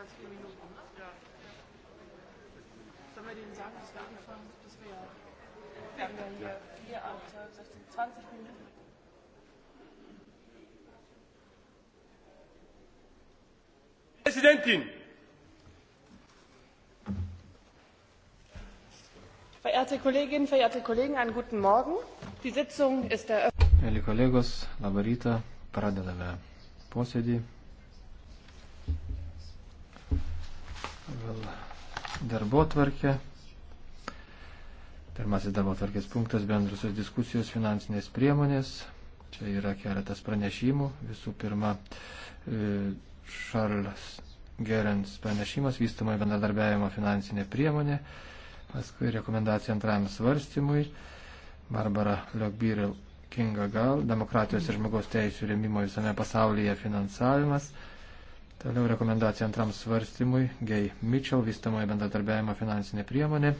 25 Minuten. Ja. Sollen wir denen sagen, dass wir anfangen, dass wir ja. Wir haben ja hier 4, 8, 12, 16, 20 Minuten. Präsidentin! Verehrte Kolleginnen, verehrte Kollegen, einen guten Morgen. Die Sitzung ist eröffnet. Mėly kolegos, labą rytą, pradedame posėdį. darbo tvarkę. Pirmasis darbo tvarkės punktas - bendrusios diskusijos finansinės priemonės. Čia yra keletas pranešimų. Visų pirma, Šarlas e, Gerens pranešimas - vystamai bendradarbiavimo finansinė priemonė. Paskui rekomendacija antrajam svarstymui. Barbara Liokbyrė Kinga Gal - demokratijos ir žmogaus teisų rėmimo visame pasaulyje finansavimas. Toliau rekomendacija antram svarstymui, gei Mitchell, vystamoje bendradarbiavimo finansinė priemonė.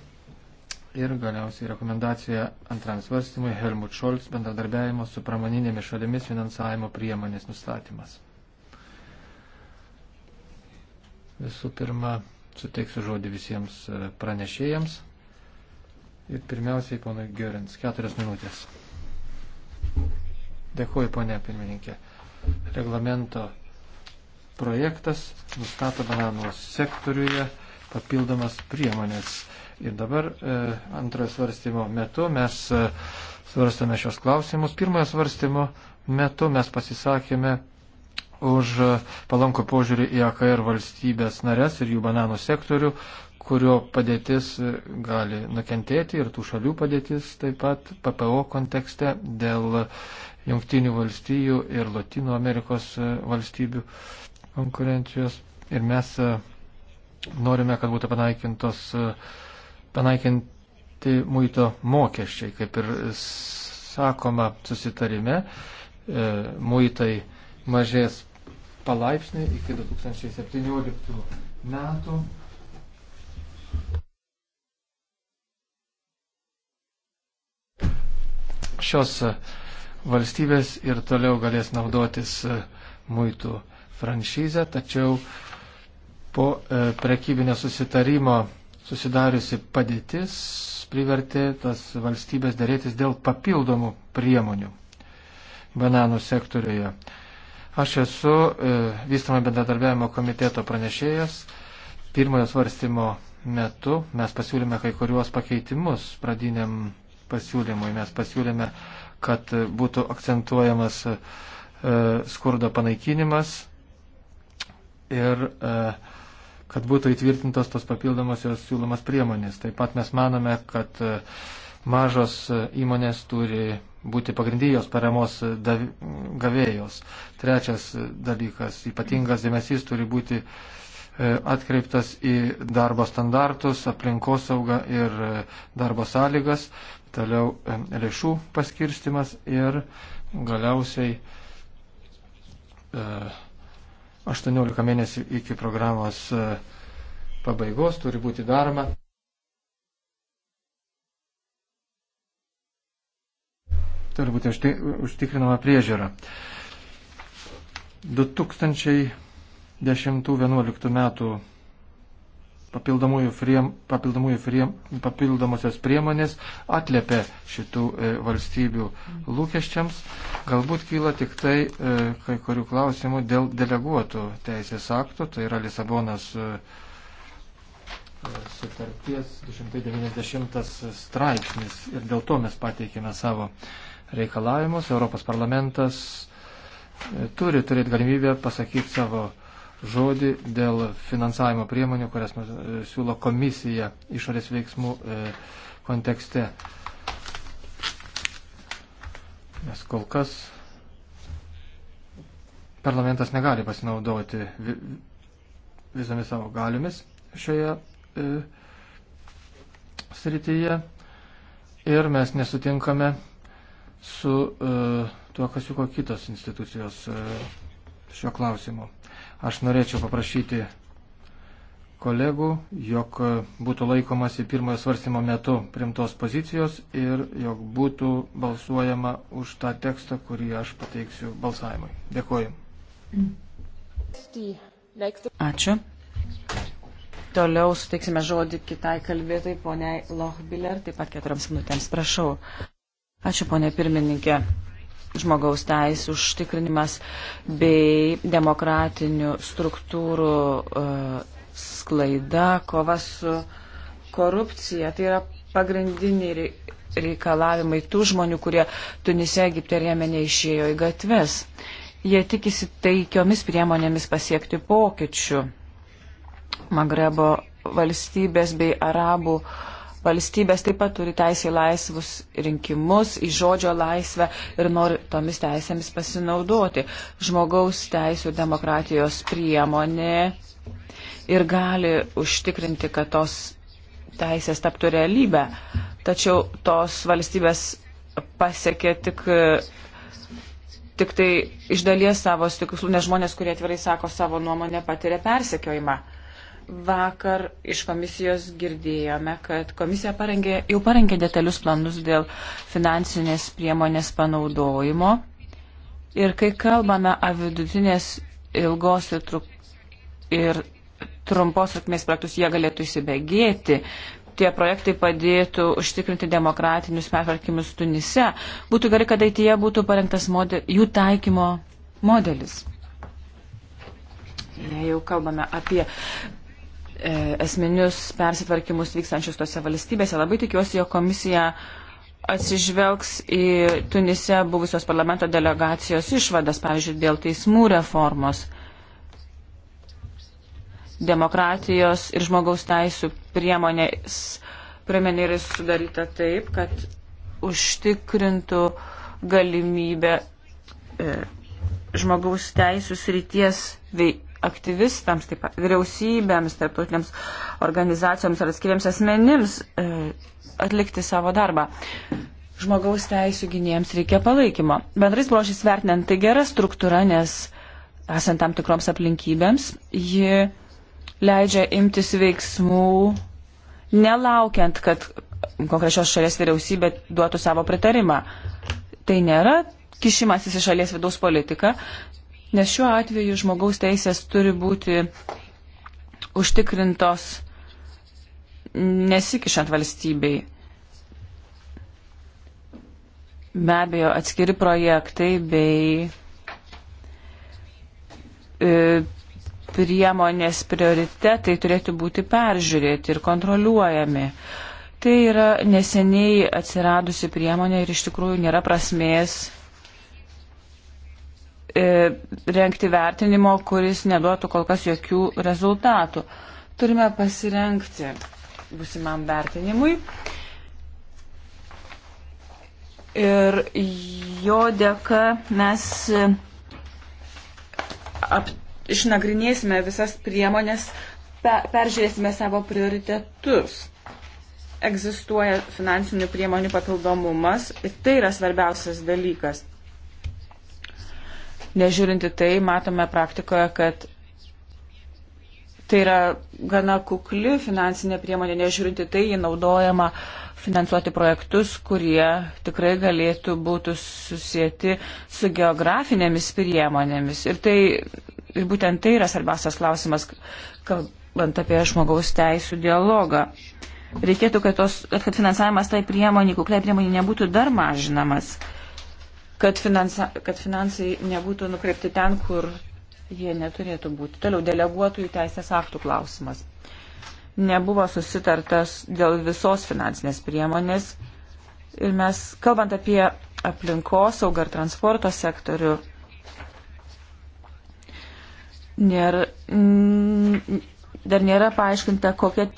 Ir galiausiai rekomendacija antram svarstymui Helmut Scholz bendradarbiavimo su pramoninėmis šalimis finansavimo priemonės nustatymas. Visų pirma, suteiksiu žodį visiems e, pranešėjams. Ir pirmiausiai, ponai Gerins, keturias minutės. Dėkuoju, ponė pirmininkė. Reglamento projektas nustato bananų sektoriuje papildomas priemonės. Ir dabar e, antrojo svarstymo metu mes e, svarstame šios klausimus. Pirmojo svarstymo metu mes pasisakėme už e, palanko požiūrį į AKR valstybės narės ir jų bananų sektorių, kurio padėtis e, gali nukentėti ir tų šalių padėtis taip pat PPO kontekste dėl Junktinių valstijų ir Latino Amerikos e, valstybių konkurencijos ir mes e, norime, kad būtų panaikintos, e, panaikinti muito mokesčiai, kaip ir sakoma susitarime, e, muitai mažės palaipsniui iki 2017 metų. Šios valstybės ir toliau galės naudotis muitų uh, franšizę, tačiau po e, prekybinio susitarimo susidariusi padėtis privertė tas valstybės dėrėtis dėl papildomų priemonių bananų sektoriuje. Aš esu e, vystamo bendradarbiavimo komiteto pranešėjas. Pirmojo svarstymo metu mes pasiūlėme kai kuriuos pakeitimus pradiniam pasiūlymui. Mes pasiūlėme, kad būtų akcentuojamas e, skurdo panaikinimas, ir e, kad būtų įtvirtintos tos papildomosios siūlomas priemonės. Taip pat mes manome, kad e, mažos e, įmonės turi būti pagrindijos paramos gavėjos. Trečias dalykas, ypatingas dėmesys turi būti atkreiptas į darbo standartus, aplinkosaugą ir darbo sąlygas, toliau lėšų paskirstimas ir galiausiai e, 18 mėnesių iki programos e, pabaigos turi būti daroma. Turi būti užtikrinama priežiūra. 2010-2011 metų papildomosios priemonės atlėpė šitų e, valstybių lūkesčiams. Galbūt kyla tik tai e, kai kurių klausimų dėl deleguotų teisės aktų, tai yra Lisabonas e, sutarties 290 straipsnis ir dėl to mes pateikėme savo reikalavimus. Europos parlamentas turi turėti galimybę pasakyti savo žodį dėl finansavimo priemonių, kurias e, siūlo komisija išorės veiksmų e, kontekste. Nes kol kas parlamentas negali pasinaudoti visomis savo galiomis šioje e, srityje ir mes nesutinkame su e, tuo, kas siūko kitos institucijos. E, šio klausimu. Aš norėčiau paprašyti kolegų, jog būtų laikomasi pirmojo svarstymo metu primtos pozicijos ir jog būtų balsuojama už tą tekstą, kurį aš pateiksiu balsavimui. Dėkuoju. Ačiū. Toliau suteiksime žodį kitai kalbėtai, poniai Lochbiller, taip pat keturioms minutėms. Prašau. Ačiū, ponė pirmininkė žmogaus teisų užtikrinimas bei demokratinių struktūrų e, sklaida, kova su korupcija. Tai yra pagrindiniai reikalavimai tų žmonių, kurie Tunise, Egipte ir Jemenė išėjo į gatves. Jie tikisi taikiomis priemonėmis pasiekti pokyčių. Magrebo valstybės bei arabų uh, Valstybės taip pat turi teisę į laisvus rinkimus, į žodžio laisvę ir nori tomis teisėmis pasinaudoti. Žmogaus teisų ir demokratijos priemonė ir gali užtikrinti, kad tos teisės taptų realybę. Tačiau tos valstybės pasiekė tik tik tai iš dalies savo tikslų, nes žmonės, kurie atvirai sako savo nuomonę, patiria persekiojimą. Vakar iš komisijos girdėjome, kad komisija parengė, jau parengė detalius planus dėl finansinės priemonės panaudojimo. Ir kai kalbame apie vidutinės ilgos ir, truk, ir trumpos trukmės projektus, jie galėtų įsibėgėti. Tie projektai padėtų užtikrinti demokratinius pertvarkymus Tunise. Būtų gerai, kad ateityje būtų parengtas model, jų taikymo modelis. Jei jau kalbame apie E, esminius persitvarkymus vykstančius tose valstybėse. Labai tikiuosi, jo komisija atsižvelgs į Tunise buvusios parlamento delegacijos išvadas, pavyzdžiui, dėl teismų reformos, demokratijos ir žmogaus teisų priemonės, priemonė yra sudaryta taip, kad užtikrintų galimybę e, žmogaus teisų srities veikti aktyvistams, taip pat vyriausybėms, tarptautiniams organizacijoms ar atskiriams asmenims e, atlikti savo darbą. Žmogaus teisų gynėjams reikia palaikymo. Bendrais brožys vertinant, tai gera struktūra, nes esant tam tikroms aplinkybėms, ji leidžia imtis veiksmų, nelaukiant, kad konkrečios šalies vyriausybė duotų savo pritarimą. Tai nėra kišimasis į šalies vidaus politiką, Nes šiuo atveju žmogaus teisės turi būti užtikrintos nesikišant valstybei. Be abejo, atskiri projektai bei e, priemonės prioritetai turėtų būti peržiūrėti ir kontroliuojami. Tai yra neseniai atsiradusi priemonė ir iš tikrųjų nėra prasmės E, renkti vertinimo, kuris neduotų kol kas jokių rezultatų. Turime pasirenkti busimam vertinimui. Ir jo dėka mes e, ap, išnagrinėsime visas priemonės, pe, peržiūrėsime savo prioritetus. Egzistuoja finansinių priemonių papildomumas ir tai yra svarbiausias dalykas. Nežiūrinti tai, matome praktikoje, kad tai yra gana kukli finansinė priemonė, nežiūrinti tai, ji naudojama finansuoti projektus, kurie tikrai galėtų būti susijęti su geografinėmis priemonėmis. Ir, tai, ir būtent tai yra svarbiausias klausimas, kalbant apie žmogaus teisų dialogą. Reikėtų, kad, tos, kad finansavimas tai priemoniai, kukliai priemoniai nebūtų dar mažinamas. Uh, kad, finansa, kad finansai nebūtų nukreipti ten, kur jie neturėtų būti. Toliau deleguotųjų teisės aktų klausimas. Nebuvo susitartas dėl visos finansinės priemonės ir mes, kalbant apie aplinkosaugą ir transporto sektorių, nėra, m, dar nėra paaiškinta, kokie,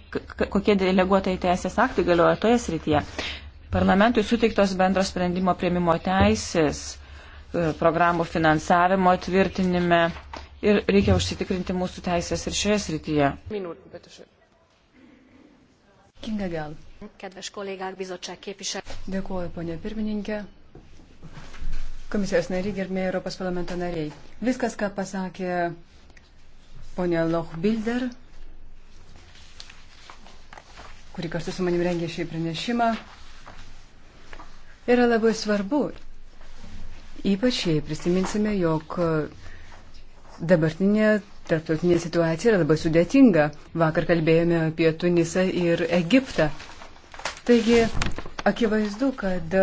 kokie deleguotojai teisės aktai galioja toje srityje. Parlamentui suteiktos bendros sprendimo prieimimo teisės e, programų finansavimo tvirtinime ir reikia užsitikrinti mūsų teisės ir šioje srityje. Kinga gal. Kedves kollégák, bizottság képviselő. Dėkuoju, ponė pirmininkė. Komisijos nariai, gerbėjai Europos parlamento nariai. Viskas, ką pasakė ponė Lochbilder, kuri kartu su manim rengė šį pranešimą, yra labai svarbu. Ypač jei prisiminsime, jog dabartinė tarptautinė situacija yra labai sudėtinga. Vakar kalbėjome apie Tunisą ir Egiptą. Taigi, akivaizdu, kad,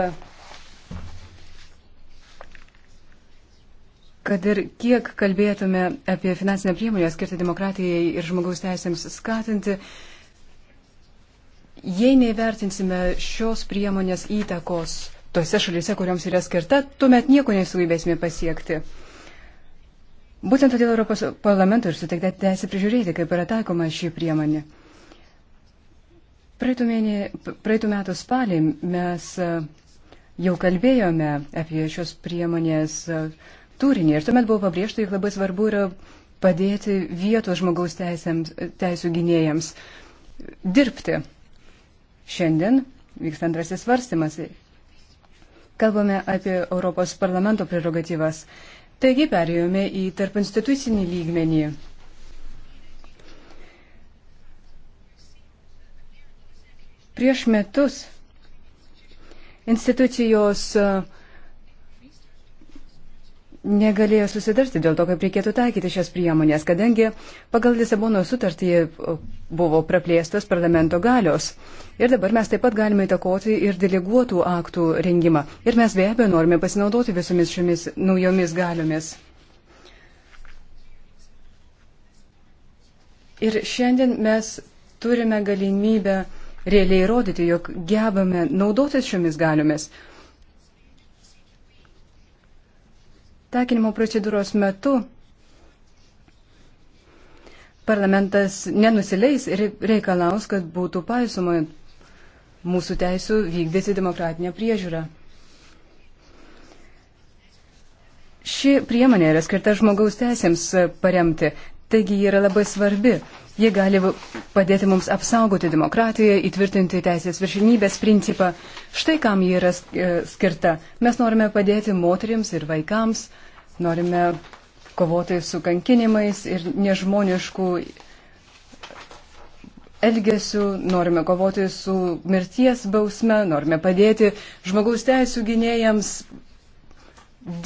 kad ir kiek kalbėtume apie finansinę priemonę skirtą demokratijai ir žmogaus teisėms skatinti, uh, Jei nevertinsime šios priemonės įtakos tose šalise, kuriuoms yra skirta, tuomet nieko nesugebėsime pasiekti. Būtent todėl Europos parlamento ir suteikta teisė prižiūrėti, kaip yra taikoma šį priemonė. Praeitų, mėnė, praeitų metų spalį mes e, jau kalbėjome apie šios priemonės e, turinį ir tuomet buvo pabrėžta, jog labai svarbu yra padėti vietos žmogaus teisėms, teisų gynėjams dirbti. Šiandien vyksta antrasis svarstymas. Kalbame apie Europos parlamento prerogatyvas. Taigi perėjome į tarp institucinį lygmenį. Prieš metus institucijos uh, negalėjo susidarsti dėl to, kaip reikėtų taikyti šias priemonės, kadangi pagal Lisabono sutartį e, buvo praplėstos parlamento galios. Ir dabar mes taip pat galime įtakoti ir deleguotų aktų rengimą. Ir mes be abejo norime pasinaudoti visomis šiomis naujomis galiomis. Ir šiandien mes turime galimybę realiai įrodyti, jog gebame naudotis šiomis galiomis. Tekinimo procedūros metu parlamentas nenusileis ir reikalaus, kad būtų paisoma mūsų teisų vykdyti demokratinę priežiūrą. Ši priemonė yra skirta žmogaus teisėms paremti. Taigi ji yra labai svarbi. Ji gali padėti mums apsaugoti demokratiją, įtvirtinti teisės viršinybės principą. Štai kam ji yra e, skirta. Mes norime padėti moteriams ir vaikams, norime kovoti su kankinimais ir nežmoniškų elgesių, norime kovoti su mirties bausme, norime padėti žmogaus teisų gynėjams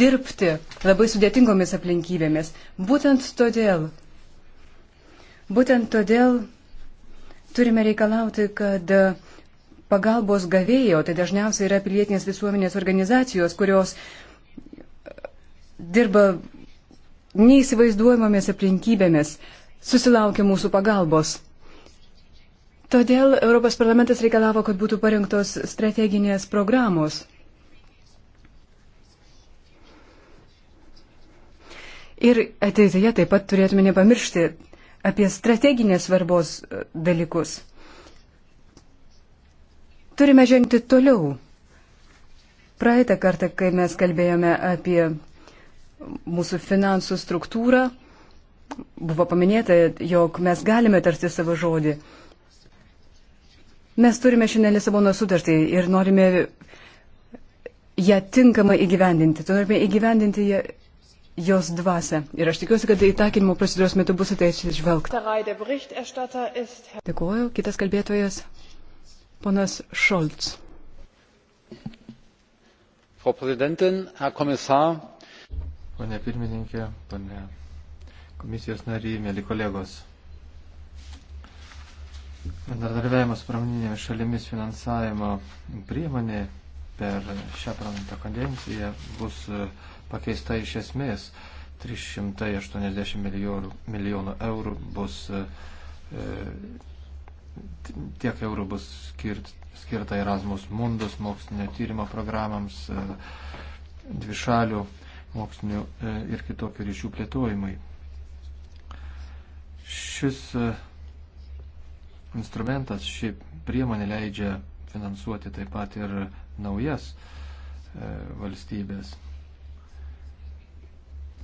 dirbti labai sudėtingomis aplinkybėmis. Būtent todėl Būtent todėl turime reikalauti, kad pagalbos gavėjo, tai dažniausiai yra pilietinės visuomenės organizacijos, kurios dirba neįsivaizduojamomis aplinkybėmis, susilaukia mūsų pagalbos. Todėl Europos parlamentas reikalavo, kad būtų parengtos strateginės programos. Ir ateityje taip pat turėtume nepamiršti apie strateginės svarbos e, dalykus. Turime žengti toliau. Praeitą kartą, kai mes kalbėjome apie mūsų finansų struktūrą, buvo paminėta, jog mes galime tarti savo žodį. Mes turime šiandien Lisabono sutartį ir norime ją tinkamai įgyvendinti. Turime įgyvendinti ją jos dvasę. Ir aš tikiuosi, kad įtakinimo procedūros metu bus atsižvelgta. Dėkuoju. Kitas kalbėtojas, ponas Šolts. Frau Präsidentin, Herr Kommissar. Pane pirmininkė, pane komisijos nariai, mėly kolegos. Bendradarbiavimas pramoninėmis šalimis finansavimo priemonė per šią parlamento kadenciją bus uh, pakeista iš esmės. 380 milijonų, milijonų eurų bus, e, tiek eurų bus skirt, skirta Erasmus Mundus mokslinio tyrimo programams, e, dvišalių mokslinio e, ir kitokių ryšių plėtojimui. Šis e, instrumentas, ši priemonė leidžia finansuoti taip pat ir naujas e, valstybės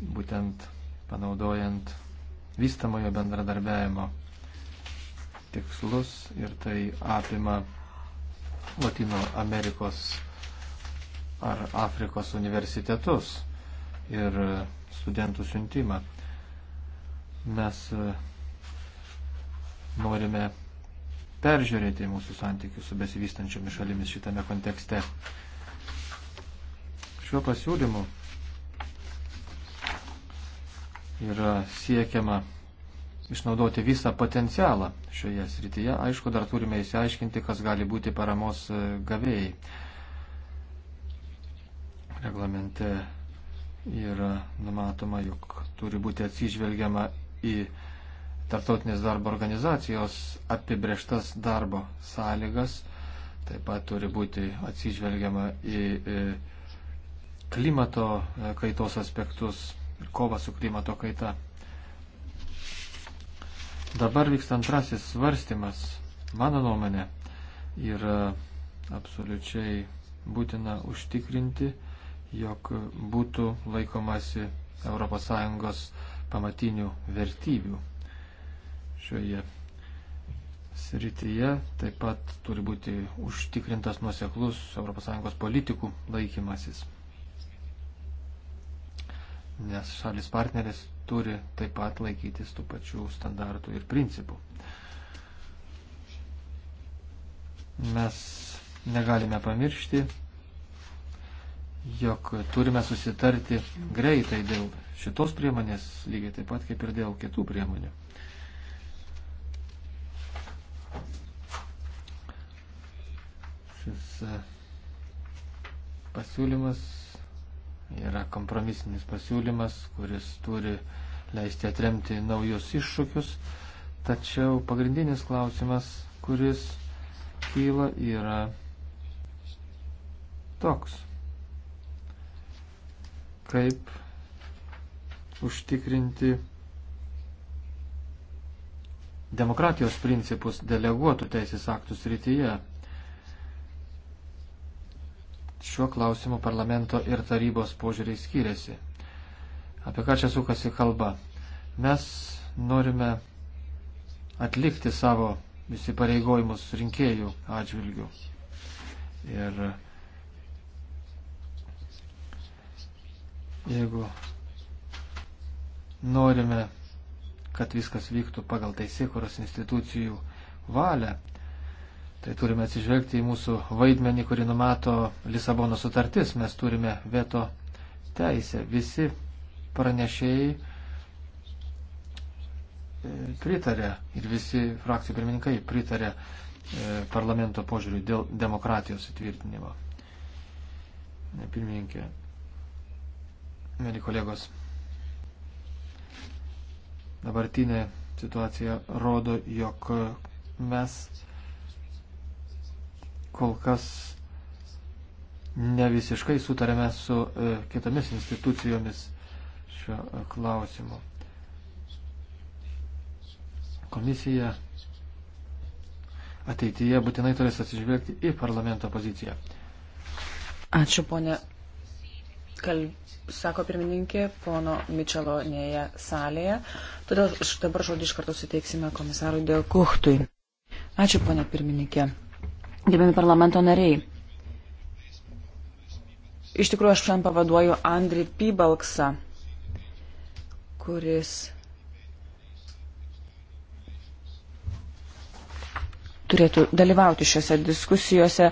būtent panaudojant vystamojo bendradarbiavimo tikslus ir tai apima Latino Amerikos ar Afrikos universitetus ir studentų siuntimą. Mes e, norime peržiūrėti mūsų santykius su besivystančiomis šalimis šitame kontekste. Šiuo pasiūlymu yra siekiama išnaudoti visą potencialą šioje srityje. Aišku, dar turime įsiaiškinti, kas gali būti paramos e, gavėjai. Reglamente yra numatoma, jog turi būti atsižvelgiama į tarptautinės darbo organizacijos apibrieštas darbo sąlygas. Taip pat turi būti atsižvelgiama į e, klimato e, kaitos aspektus ir kovą su klimato kaita. Dabar vyksta antrasis svarstymas, mano nuomonė, yra absoliučiai būtina užtikrinti, jog būtų laikomasi ES pamatinių vertybių šioje srityje. Taip pat turi būti užtikrintas nuoseklus ES politikų laikymasis nes šalis partneris turi taip pat laikytis tų pačių standartų ir principų. Mes negalime pamiršti, jog turime susitarti greitai dėl šitos priemonės, lygiai taip pat kaip ir dėl kitų priemonių. Šis e, pasiūlymas yra kompromisinis pasiūlymas, kuris turi leisti atremti naujus iššūkius. Tačiau pagrindinis klausimas, kuris kyla, yra toks. Kaip užtikrinti demokratijos principus deleguotų teisės aktų srityje šiuo klausimu parlamento ir tarybos požiūriai skiriasi. Apie ką čia sukasi kalba? Mes norime atlikti savo įsipareigojimus rinkėjų atžvilgių. Ir jeigu norime, kad viskas vyktų pagal teisėkuros institucijų valią, Tai turime atsižvelgti į mūsų vaidmenį, kurį numato Lisabono sutartis. Mes turime veto teisę. Visi pranešėjai e, pritarė ir visi frakcijų pirmininkai pritarė e, parlamento požiūriui dėl demokratijos įtvirtinimo. Pirmininkė, mėly kolegos, dabartinė situacija rodo, jog mes kol kas ne visiškai sutarėme su e, kitomis institucijomis šio e, klausimu. Komisija ateityje būtinai turės atsižvelgti į parlamento poziciją. Ačiū, ponė. Kal... Sako pirmininkė, pono Mičelo neje salėje. Todėl dabar žodį iš karto suteiksime komisarui Dėl Kuhtui. Ačiū, ponė pirmininkė gerbiami parlamento nariai. Iš tikrųjų, aš šiandien pavaduoju Andrį Pybalksą, kuris turėtų dalyvauti šiuose diskusijose, e,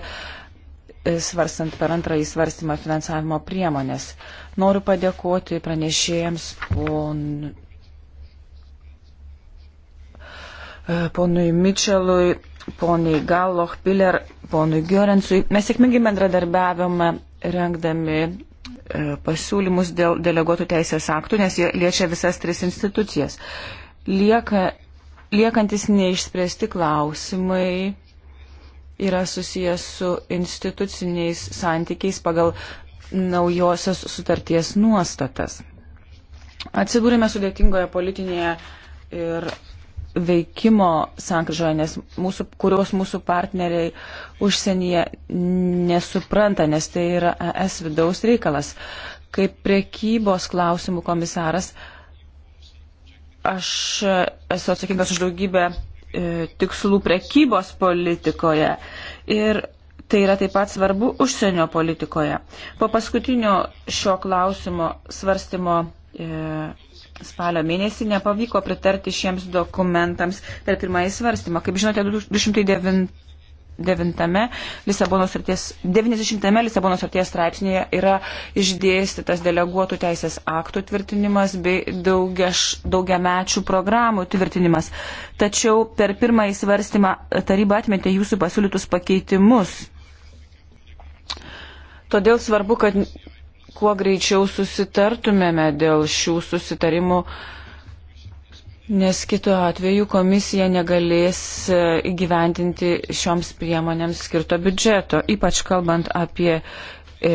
svarstant per antrąjį svarstymą finansavimo priemonės. Noriu padėkoti pranešėjams pon... E, ponui Mičelui poniai Galloch Piller, ponui Giorensui. Mes sėkmingai bendradarbiavome rengdami e, pasiūlymus dėl deleguotų teisės aktų, nes jie liečia visas tris institucijas. Lieka, liekantis neišspręsti klausimai yra susijęs su instituciniais santykiais pagal naujosios sutarties nuostatas. Atsidūrėme sudėtingoje politinėje ir veikimo sankryžoje, nes mūsų, kurios mūsų partneriai užsienyje nesupranta, nes tai yra ES vidaus reikalas. Kaip priekybos klausimų komisaras, aš esu atsakingas už daugybę e, tikslų prekybos politikoje ir tai yra taip pat svarbu užsienio politikoje. Po paskutinio šio klausimo svarstymo e, spalio mėnesį nepavyko pritarti šiems dokumentams per pirmąjį svarstymą. Kaip žinote, 209 Lisabonos arties, 90 Lisabonos arties straipsnėje yra išdėstytas deleguotų teisės aktų tvirtinimas bei daugiaš, daugiamečių programų tvirtinimas. Tačiau per pirmąjį svarstymą taryba atmetė jūsų pasiūlytus pakeitimus. Todėl svarbu, kad kuo greičiau susitartumėme dėl šių susitarimų, nes kitu atveju komisija negalės e, įgyventinti šioms priemonėms skirto biudžeto, ypač kalbant apie e,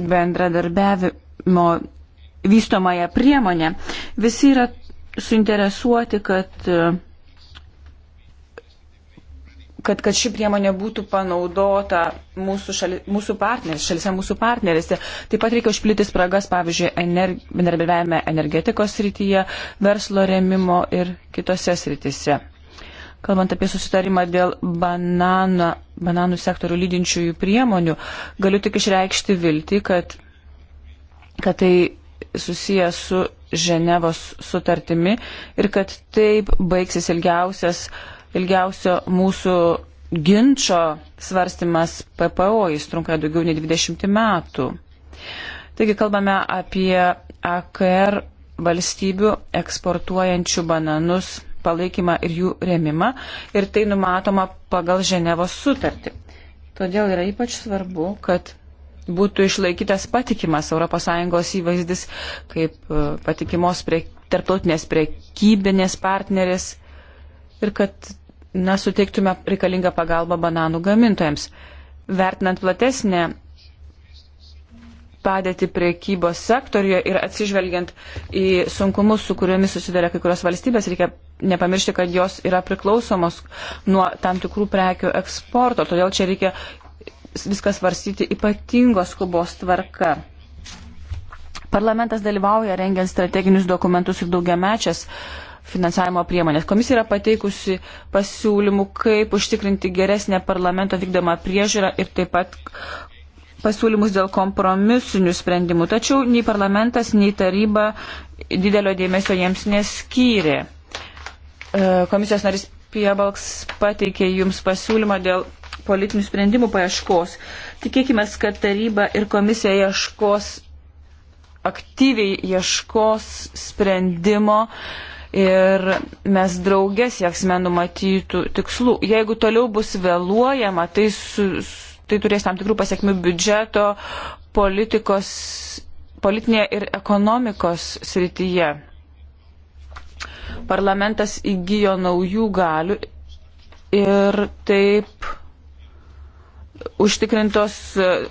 bendradarbiavimo vystomąją priemonę. Visi yra suinteresuoti, kad e, kad, kad ši priemonė būtų panaudota mūsų, šali, mūsų partneris, šalise mūsų partnerėse. Taip pat reikia užplyti spragas, pavyzdžiui, bendradarbiavime ener, energetikos srityje, verslo remimo ir kitose srityse. Kalbant apie susitarimą dėl banana, bananų sektorių lydinčiųjų priemonių, galiu tik išreikšti viltį, kad, kad tai susijęs su Ženevos sutartimi ir kad taip baigsis ilgiausias uh, ilgiausio mūsų ginčio svarstymas PPO, jis trunka daugiau nei 20 metų. Taigi kalbame apie AKR valstybių eksportuojančių bananus palaikymą ir jų remimą ir tai numatoma pagal Ženevos sutartį. Todėl yra ypač svarbu, kad būtų išlaikytas patikimas ES įvaizdis kaip e, patikimos prie, tarptautinės priekybinės partneris ir kad na, suteiktume reikalingą pagalbą bananų gamintojams. Vertinant platesnę padėti priekybos sektorijoje ir atsižvelgiant į sunkumus, su kuriomis susiduria kai kurios valstybės, reikia nepamiršti, kad jos yra priklausomos nuo tam tikrų prekių eksporto. Todėl čia reikia viskas varstyti ypatingos skubos tvarka. Parlamentas dalyvauja rengiant strateginius dokumentus ir daugiamečias uh, finansavimo priemonės. Komisija yra pateikusi pasiūlymų, kaip užtikrinti geresnę parlamento vykdomą priežiūrą ir taip pat pasiūlymus dėl kompromisinių sprendimų. Tačiau nei parlamentas, nei taryba didelio dėmesio jiems neskyrė. E, komisijos narys Piebalks pateikė jums pasiūlymą dėl politinių sprendimų paieškos. Tikėkime, kad taryba ir komisija ieškos aktyviai ieškos sprendimo, uh, ir mes draugės sieksime numatytų tikslų. Jeigu toliau bus vėluojama, tai, su, tai turės tam tikrų pasiekmių biudžeto, politikos, politinėje ir ekonomikos srityje. Parlamentas įgyjo naujų galių ir taip užtikrintos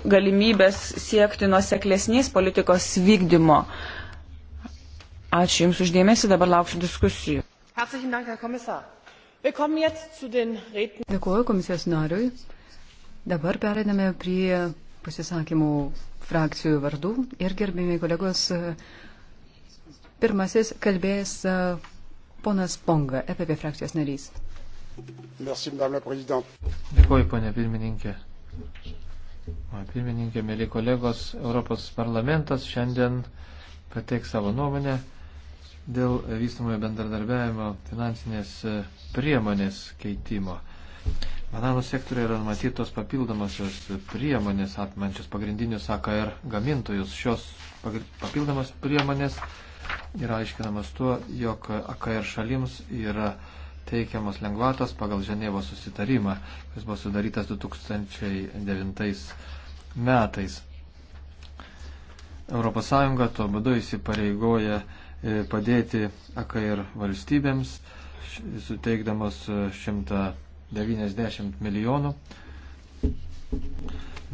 galimybės siekti nuoseklesnės politikos vykdymo. Uh, Ačiū Jums uždėmesi, dabar lauksiu diskusijų. Dėkuoju komisijos nariui. Dabar pereiname prie pasisakymų frakcijų vardų ir gerbėmiai kolegos. Pirmasis kalbės e, ponas Ponga, EPP frakcijos narys. Merci, Dėkuoju, ponė pirmininkė. O pirmininkė, mėly kolegos, Europos parlamentas šiandien pateiks savo nuomonę dėl vystamojo bendradarbiavimo finansinės e, priemonės keitimo. Bananų sektoriuje yra numatytos papildomosios priemonės atmančios pagrindinius AKR gamintojus. Šios papildomos priemonės yra aiškinamas tuo, jog AKR šalims yra teikiamos lengvatos pagal Ženevos susitarimą, kuris buvo sudarytas 2009 metais. ES tuo būdu įsipareigoja E, padėti AKR valstybėms, suteikdamas e, 190 milijonų.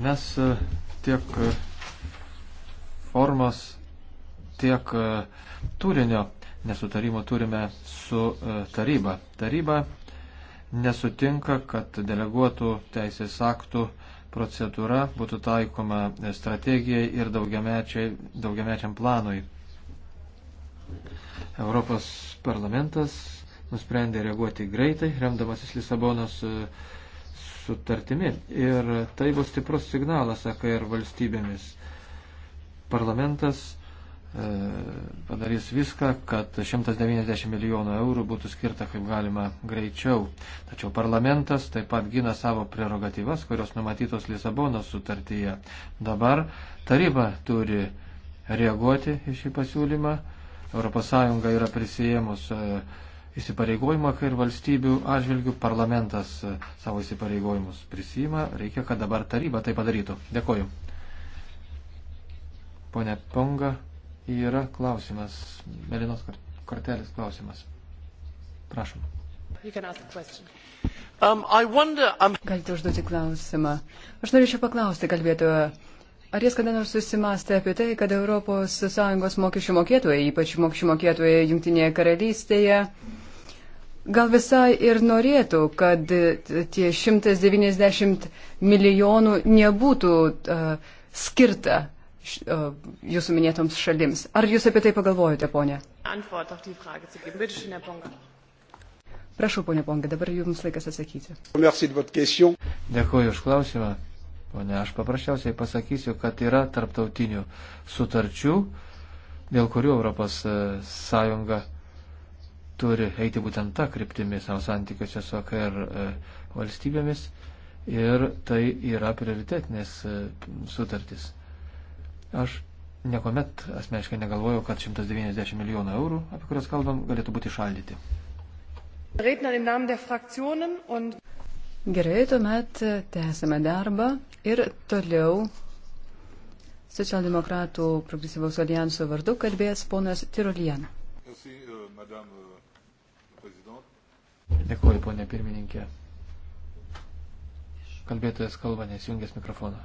Mes e, tiek formos, tiek turinio nesutarimo turime su taryba. Taryba nesutinka, kad deleguotų teisės aktų procedūra būtų taikoma strategijai ir daugiamečiam planui. Europos parlamentas nusprendė reaguoti greitai, remdamasis Lisabonos e, sutartimi. Ir tai bus stiprus signalas AKR valstybėmis. Parlamentas e, padarys viską, kad 190 milijonų eurų būtų skirta kaip galima greičiau. Tačiau parlamentas taip pat gina savo prerogatyvas, kurios numatytos Lisabonos sutartyje. Dabar taryba turi reaguoti į šį pasiūlymą ES yra prisijėmus e, įsipareigojimą, kai ir valstybių atžvilgių parlamentas e, savo įsipareigojimus prisima. Reikia, kad dabar taryba tai padarytų. Dėkoju. Pone Ponga, yra klausimas, Melinos kortelės klausimas. Prašom. Um, wonder, um... Galite užduoti klausimą. Aš norėčiau paklausti kalbėtojo. Ar jis kada nors susimastė apie tai, kad ES mokesčių mokėtojai, ypač mokesčių mokėtojai Junktinėje karalystėje, gal visai ir norėtų, kad tie 190 milijonų nebūtų uh, skirta uh, jūsų minėtoms šalims? Ar jūs apie tai pagalvojate, ponė? Prašau, ponė Ponga, dabar jums laikas atsakyti. Dėkuoju už klausimą. Pone, aš paprasčiausiai pasakysiu, kad yra tarptautinių sutarčių, dėl kurių Europos e, Sąjunga turi eiti būtent tą kryptimį savo santykiuose su AKR e, valstybėmis ir tai yra prioritetinės e, sutartys. Aš niekuomet asmeniškai negalvojau, kad 190 milijonų eurų, apie kurias kalbam, galėtų būti šaldyti. Gerai, tuomet tęsime darbą ir toliau socialdemokratų progresyvaus alijanso vardu kalbės ponas Tirolien. Dėkuoju, ponė pirmininkė. Kalbėtojas kalba nesijungęs mikrofoną.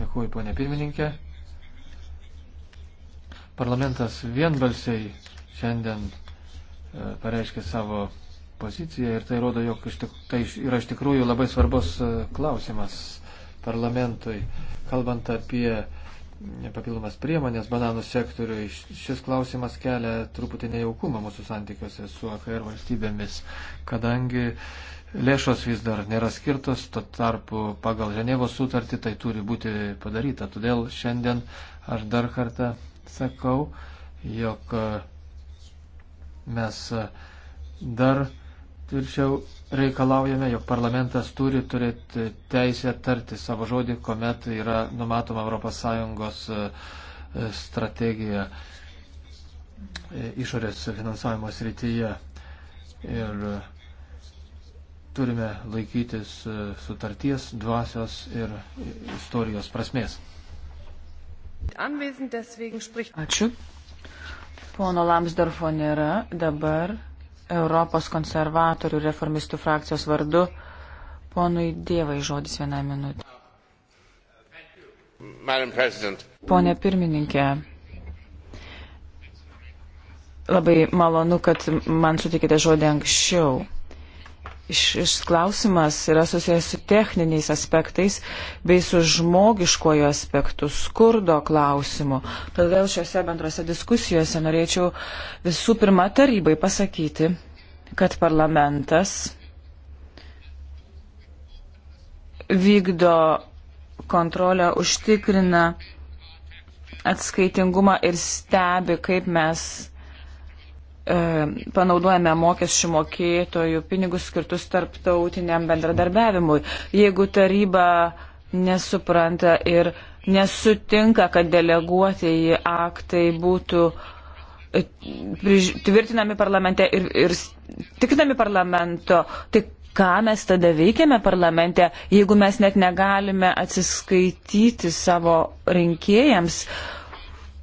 Dėkuoju, ponė pirmininkė. Parlamentas vienbalsiai šiandien e, pareiškė savo poziciją ir tai rodo, jog tik, tai yra iš tikrųjų labai svarbus e, klausimas parlamentui. Kalbant apie papildomas priemonės bananų sektoriui, šis klausimas kelia truputį nejaukumą mūsų santykiuose su AKR valstybėmis, kadangi lėšos vis dar nėra skirtos, to tarpu pagal Ženevos sutartį tai turi būti padaryta. Todėl šiandien aš dar kartą sakau, jog mes dar Tačiau reikalaujame, jog parlamentas turi turėti teisę tarti savo žodį, kuomet yra numatoma ES e, e, strategija e, išorės finansavimo srityje. Ir turime laikytis sutarties, dvasios ir istorijos prasmės. Ačiū. Pono Lamsdorfo nėra. Dabar Europos konservatorių reformistų frakcijos vardu. Ponui Dievai žodis vieną minutę. Pone pirmininkė, labai malonu, kad man sutikite žodį anksčiau šis klausimas yra susijęs su techniniais aspektais bei su žmogiškojo aspektu, skurdo klausimu. Todėl šiuose bendrose diskusijose norėčiau visų pirma tarybai pasakyti, kad parlamentas vykdo kontrolę, užtikrina atskaitingumą ir stebi, kaip mes E, panaudojame mokesčių mokėtojų pinigus skirtus tarptautiniam bendradarbiavimui. Jeigu taryba nesupranta ir nesutinka, kad deleguotieji aktai būtų e, tvirtinami parlamente ir, ir tikrinami parlamento, tai ką mes tada veikiame parlamente, jeigu mes net negalime atsiskaityti savo rinkėjams.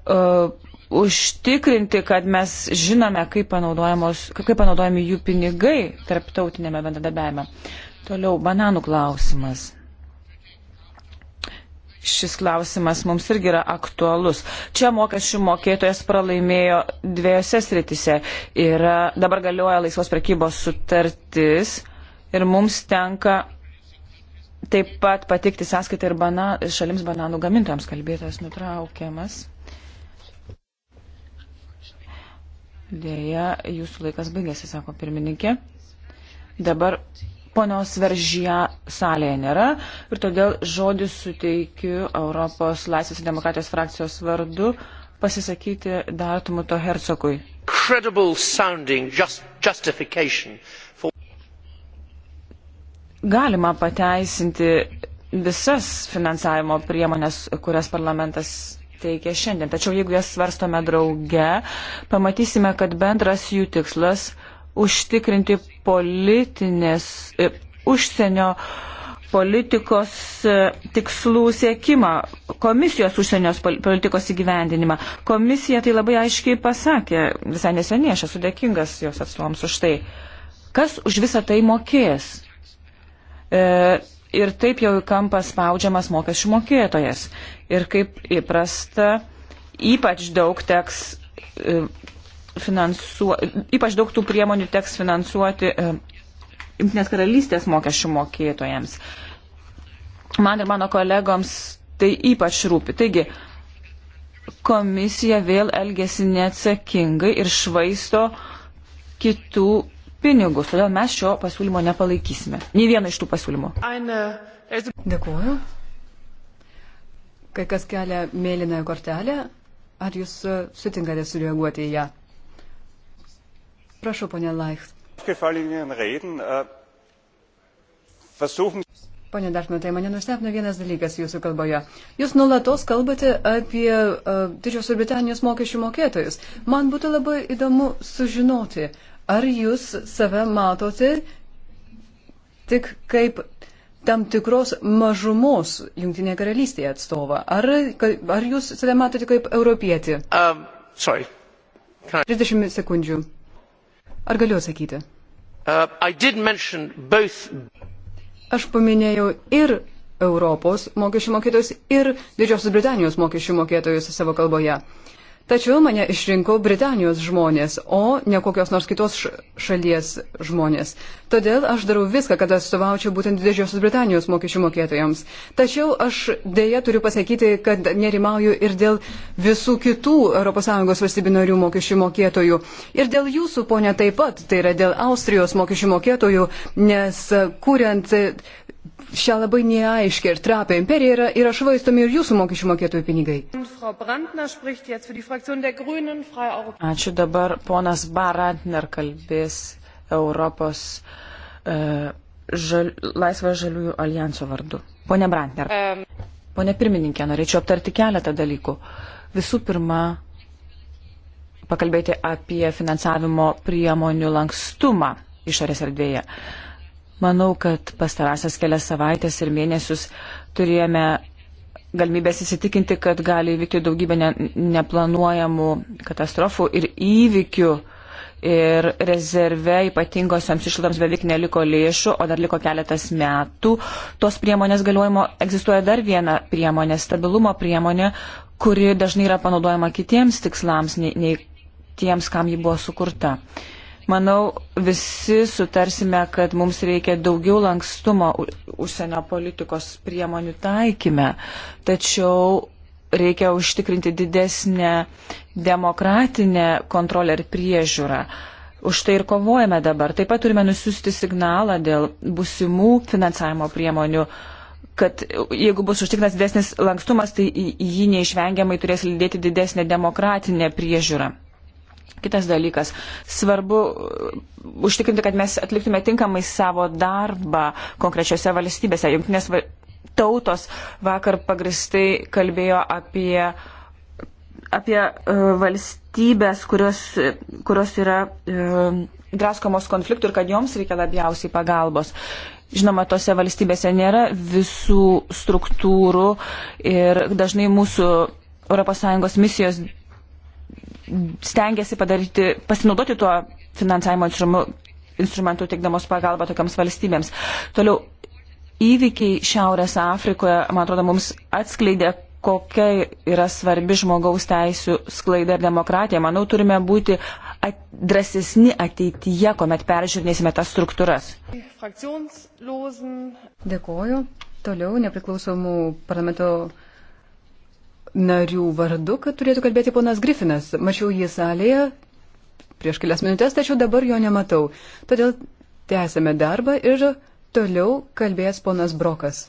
Uh, užtikrinti, kad mes žinome, kaip, kaip panaudojami jų pinigai tarptautinėme bendradarbiavime. Toliau, bananų klausimas. Šis klausimas mums irgi yra aktualus. Čia mokesčių mokėtojas pralaimėjo dviejose sritise. Yra, dabar galioja laisvos prekybos sutartis ir mums tenka taip pat patikti sąskaitą ir bana, šalims bananų gamintojams. Kalbėtojas nutraukiamas. Dėja, jūsų laikas baigėsi, sako pirmininkė. Dabar ponios veržyje salėje nėra ir todėl žodį suteikiu Europos Laisvės ir demokratijos frakcijos vardu pasisakyti Dartmuto Hercogui. Galima pateisinti visas finansavimo priemonės, kurias parlamentas teikia šiandien. Tačiau jeigu jas svarstome drauge, pamatysime, kad bendras jų tikslas užtikrinti politinės, e, užsienio politikos e, tikslų siekimą, komisijos užsienio politikos įgyvendinimą. Komisija tai labai aiškiai pasakė, visai neseniai aš esu dėkingas jos atstovams už tai. Kas už visą tai mokės? E, ir taip jau į kampą spaudžiamas mokesčių mokėtojas. Ir kaip įprasta, ypač daug teks. E, finansuo, ypač daug tų priemonių teks finansuoti e, Junktinės karalystės mokesčių mokėtojams. Man ir mano kolegoms tai ypač rūpi. Taigi, komisija vėl elgesi neatsakingai ir švaisto kitų pinigus, todėl mes šio pasiūlymo nepalaikysime. Nė vieno iš tų pasiūlymų. Dėkuoju. Kai kas kelia mėlynąją kortelę, ar jūs e, sutinkate sureaguoti į ją? Prašau, ponė Laicht. Pone Darknotai, mane nustebino vienas dalykas jūsų kalboje. Jūs nulatos kalbate apie uh, Didžiosios Britanijos mokesčių mokėtojus. Man būtų labai įdomu sužinoti, Ar jūs save matote tik kaip tam tikros mažumos Junktinėje karalystėje atstovą? Ar, ar jūs save matote kaip europietį? Um, sorry. I... 30 sekundžių. Ar galiu atsakyti? Uh, both... Aš paminėjau ir Europos mokesčių mokėtojus, ir Didžiosios Britanijos mokesčių mokėtojus savo kalboje. Uh, Tačiau mane išrinko Britanijos žmonės, o ne kokios nors kitos šalies žmonės. Todėl aš darau viską, kad atstovaučiau būtent Didžiosios Britanijos mokesčių mokėtojams. Tačiau aš dėja turiu pasakyti, kad nerimauju ir dėl visų kitų ES valstybių narių mokesčių mokėtojų. Ir dėl jūsų, ponė, taip pat, tai yra dėl Austrijos mokesčių mokėtojų, nes kuriant šią labai neaiškę ir trapę imperiją yra, yra švaistomi ir jūsų mokesčių mokėtojų pinigai. Ačiū dabar ponas Barantner kalbės Europos e, žal, Laisvės žaliųjų alijanso vardu. Pone Brantner. Pone pirmininkė, norėčiau aptarti keletą dalykų. Visų pirma, pakalbėti apie finansavimo priemonių lankstumą išorės erdvėje. Uh, Manau, kad pastarąsias kelias savaitės ir mėnesius turėjome galimybės įsitikinti, kad gali įvykti daugybė ne, neplanuojamų katastrofų ir įvykių. Ir rezerve ypatingosioms išlaidoms beveik neliko lėšų, o dar liko keletas metų. Tos priemonės galiojimo egzistuoja dar viena priemonė - stabilumo priemonė, kuri dažnai yra panaudojama kitiems tikslams, nei, nei tiems, kam ji buvo sukurta. Uh, Manau, visi sutarsime, kad mums reikia daugiau lankstumo užsienio politikos priemonių taikime, tačiau reikia užtikrinti didesnę demokratinę kontrolę ir priežiūrą. Už tai ir kovojame dabar. Taip pat turime nusiųsti signalą dėl busimų finansavimo priemonių, kad jeigu bus užtikrintas didesnis lankstumas, tai jį neišvengiamai turės lydėti didesnė demokratinė priežiūra. Kitas dalykas, svarbu uh, užtikrinti, kad mes atliktume tinkamai savo darbą konkrečiose valstybėse. Junktinės tautos vakar pagristai kalbėjo apie apie uh, valstybės, kurios, kurios yra uh, draskomos konfliktų ir kad joms reikia labiausiai pagalbos. Žinoma, tose valstybėse nėra visų struktūrų ir dažnai mūsų ES misijos stengiasi padaryti, pasinaudoti tuo finansavimo instrumentu teikdamos pagalbą tokiams valstybėms. Toliau, įvykiai Šiaurės Afrikoje, man atrodo, mums atskleidė, kokia yra svarbi žmogaus teisų sklaida ir demokratija. Manau, turime būti at, drąsesni ateityje, kuomet peržiūrėsime tas struktūras. Dėkoju. Toliau nepriklausomų parlamento narių vardu, kad turėtų kalbėti ponas Grifinas. Mačiau jį salėje prieš kelias minutės, tačiau dabar jo nematau. Todėl tęsėme darbą ir toliau kalbės ponas Brokas.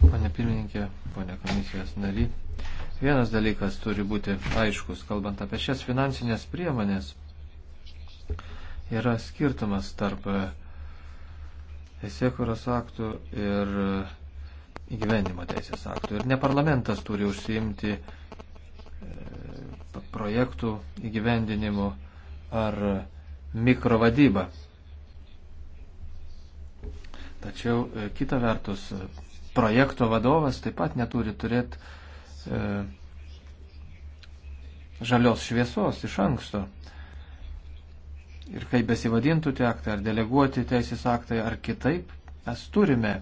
Pane pirmininkė, pane komisijos nary, vienas dalykas turi būti aiškus, kalbant apie šias finansinės priemonės. Yra skirtumas tarp teisėkuros aktų ir e, įgyvendimo teisės aktų. Ir ne parlamentas turi užsiimti e, projektų įgyvendinimu ar mikrovadybą. Tačiau e, kita vertus, projekto vadovas taip pat neturi turėti e, žalios šviesos iš anksto. E, ir kaip besivadintų tie aktai, ar deleguoti teisės aktai, ar kitaip, mes turime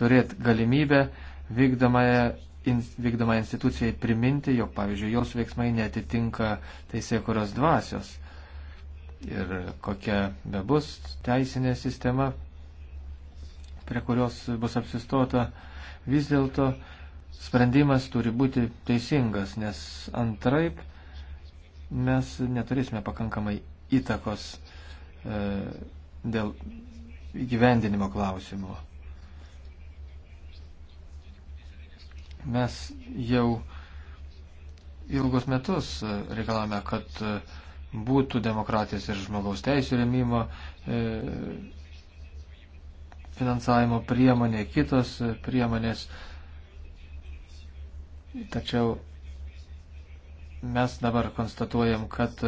turėti galimybę vykdomąją in, vykdomą institucijai priminti, jog, pavyzdžiui, jos veiksmai netitinka teisėkuros dvasios. Ir kokia bebus teisinė sistema, prie kurios bus apsistota, vis dėlto sprendimas turi būti teisingas, nes antraip mes neturėsime pakankamai įtakos e, dėl įgyvendinimo klausimų. Mes jau ilgus metus e, reikalavome, kad e, būtų demokratijos ir žmogaus teisų rėmimo finansavimo priemonė, kitos priemonės. Tačiau mes dabar konstatuojam, kad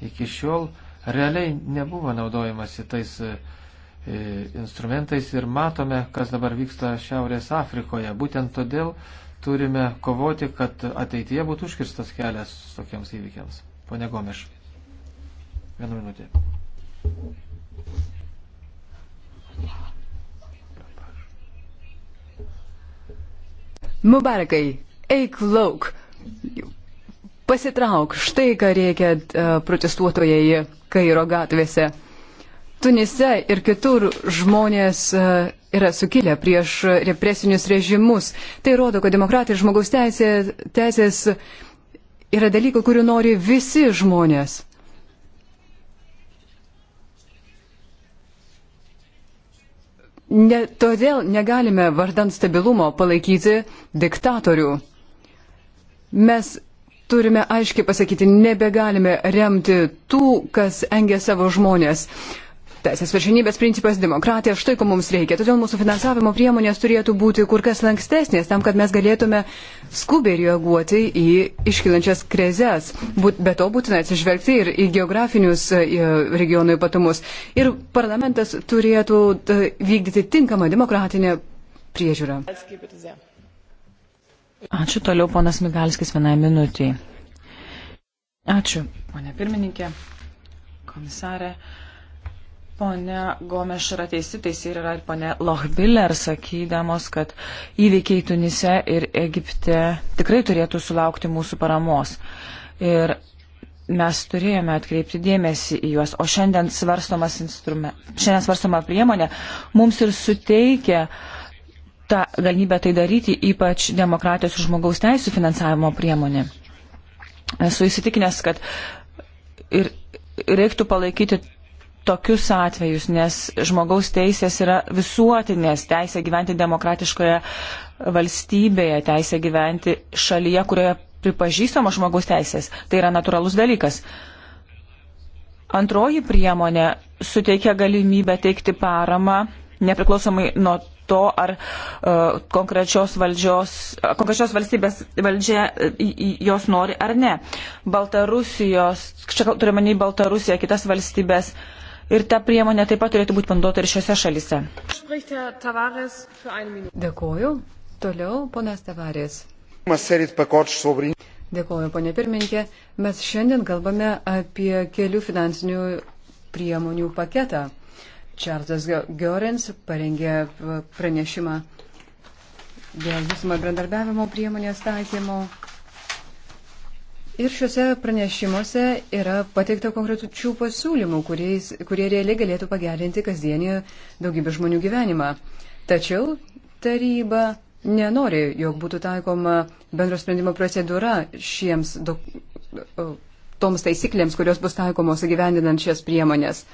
iki šiol realiai nebuvo naudojamasi tais e, e, instrumentais ir matome, kas dabar vyksta Šiaurės Afrikoje. Būtent todėl turime kovoti, kad ateityje būtų užkirstas kelias tokiems įvykiams. Pone Gomeš. Vieną minutę. Mubarakai, eik lauk pasitrauk, štai ką reikia e, protestuotojai Kairo gatvėse. Tunise ir kitur žmonės e, yra sukilę prieš represinius režimus. Tai rodo, kad demokratija ir žmogaus teisė, teisės yra dalykai, kurių nori visi žmonės. Ne, todėl negalime vardant stabilumo palaikyti diktatorių. Mes turime aiškiai pasakyti, nebegalime remti tų, kas engia savo žmonės. Teisės viršinybės principas, demokratija, štai ko mums reikia. Todėl mūsų finansavimo priemonės turėtų būti kur kas lankstesnės, tam, kad mes galėtume skubiai reaguoti į iškilančias krezes. Be to būtina atsižvelgti ir į geografinius e, e, regionų ypatumus. Ir parlamentas turėtų e, vykdyti tinkamą demokratinę priežiūrą. Atskipite, Ačiū toliau, ponas Migalskis, vienai minutiai. Ačiū, ponė pirmininkė, komisarė. Pone Gomeš yra teisi, teisi yra ir pone Lochbiller sakydamos, kad įvykiai Tunise ir Egipte tikrai turėtų sulaukti mūsų paramos. Ir mes turėjome atkreipti dėmesį į juos, o šiandien, šiandien svarstoma priemonė mums ir suteikia uh, ta galimybė tai daryti, ypač demokratijos ir žmogaus teisų finansavimo priemonė. Esu įsitikinęs, kad ir reiktų palaikyti tokius atvejus, nes žmogaus teisės yra visuotinės teisė gyventi demokratiškoje valstybėje, teisė gyventi šalyje, kurioje pripažįstama žmogaus teisės. Tai yra natūralus dalykas. Antroji priemonė suteikia galimybę teikti paramą nepriklausomai nuo to, ar uh, konkrečios, valdžios, e, konkrečios valstybės valdžia e, jos nori ar ne. Baltarusijos, čia turime nei Baltarusiją, kitas valstybės. Ir ta priemonė taip pat turėtų būti panduota ir šiuose šalise. Dėkuoju. Toliau, ponas Tavarės. Dėkuoju, ponė pirmininkė. Mes šiandien kalbame apie kelių finansinių priemonių paketą. Čarlzas Giorens parengė e, pranešimą dėl būsimo bendradarbiavimo priemonės taikymo. Ir šiuose pranešimuose yra pateikta konkrečių pasiūlymų, kuriais, kurie realiai galėtų pagerinti kasdienį daugybę žmonių gyvenimą. Tačiau taryba nenori, jog būtų taikoma bendro sprendimo procedūra šiems do, toms taisyklėms, kurios bus taikomos įgyvendinant šias priemonės.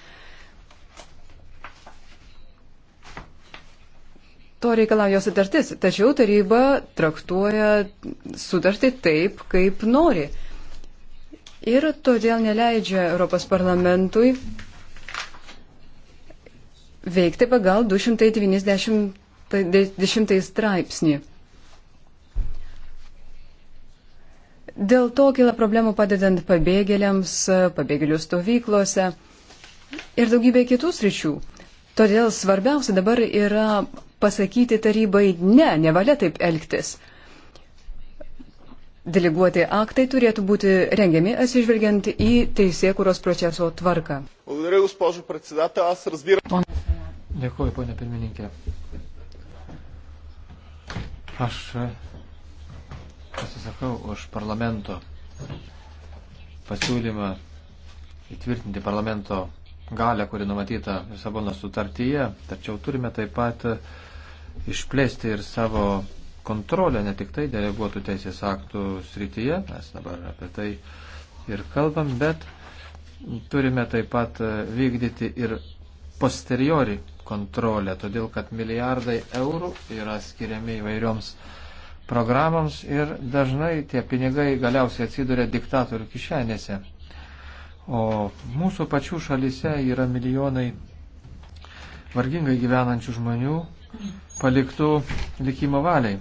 to reikalauja sutartis. Tačiau taryba traktuoja sutartį taip, kaip nori. Ir todėl neleidžia Europos parlamentui veikti pagal 290 straipsnį. Dėl to kila problemų padedant pabėgėliams, pabėgėlių stovyklose ir daugybė kitų sričių. Todėl svarbiausia dabar yra pasakyti tarybai, ne, nevalia taip elgtis. Deleguoti aktai turėtų būti rengiami atsižvelgiant į teisėkuros proceso tvarką. Dėkuoju, ponė pirmininkė. Aš pasisakau už parlamento pasiūlymą įtvirtinti parlamento galę, kuri numatyta Lisabono sutartyje, tačiau turime taip pat uh, išplėsti ir savo kontrolę, ne tik tai deleguotų teisės aktų srityje, mes dabar apie tai ir kalbam, bet turime taip pat e, vykdyti ir posteriori kontrolę, todėl kad milijardai eurų yra skiriami įvairioms programams ir dažnai tie pinigai galiausiai atsiduria diktatorių kišenėse. O mūsų pačių šalyse yra milijonai vargingai gyvenančių žmonių, paliktų likimo valiai.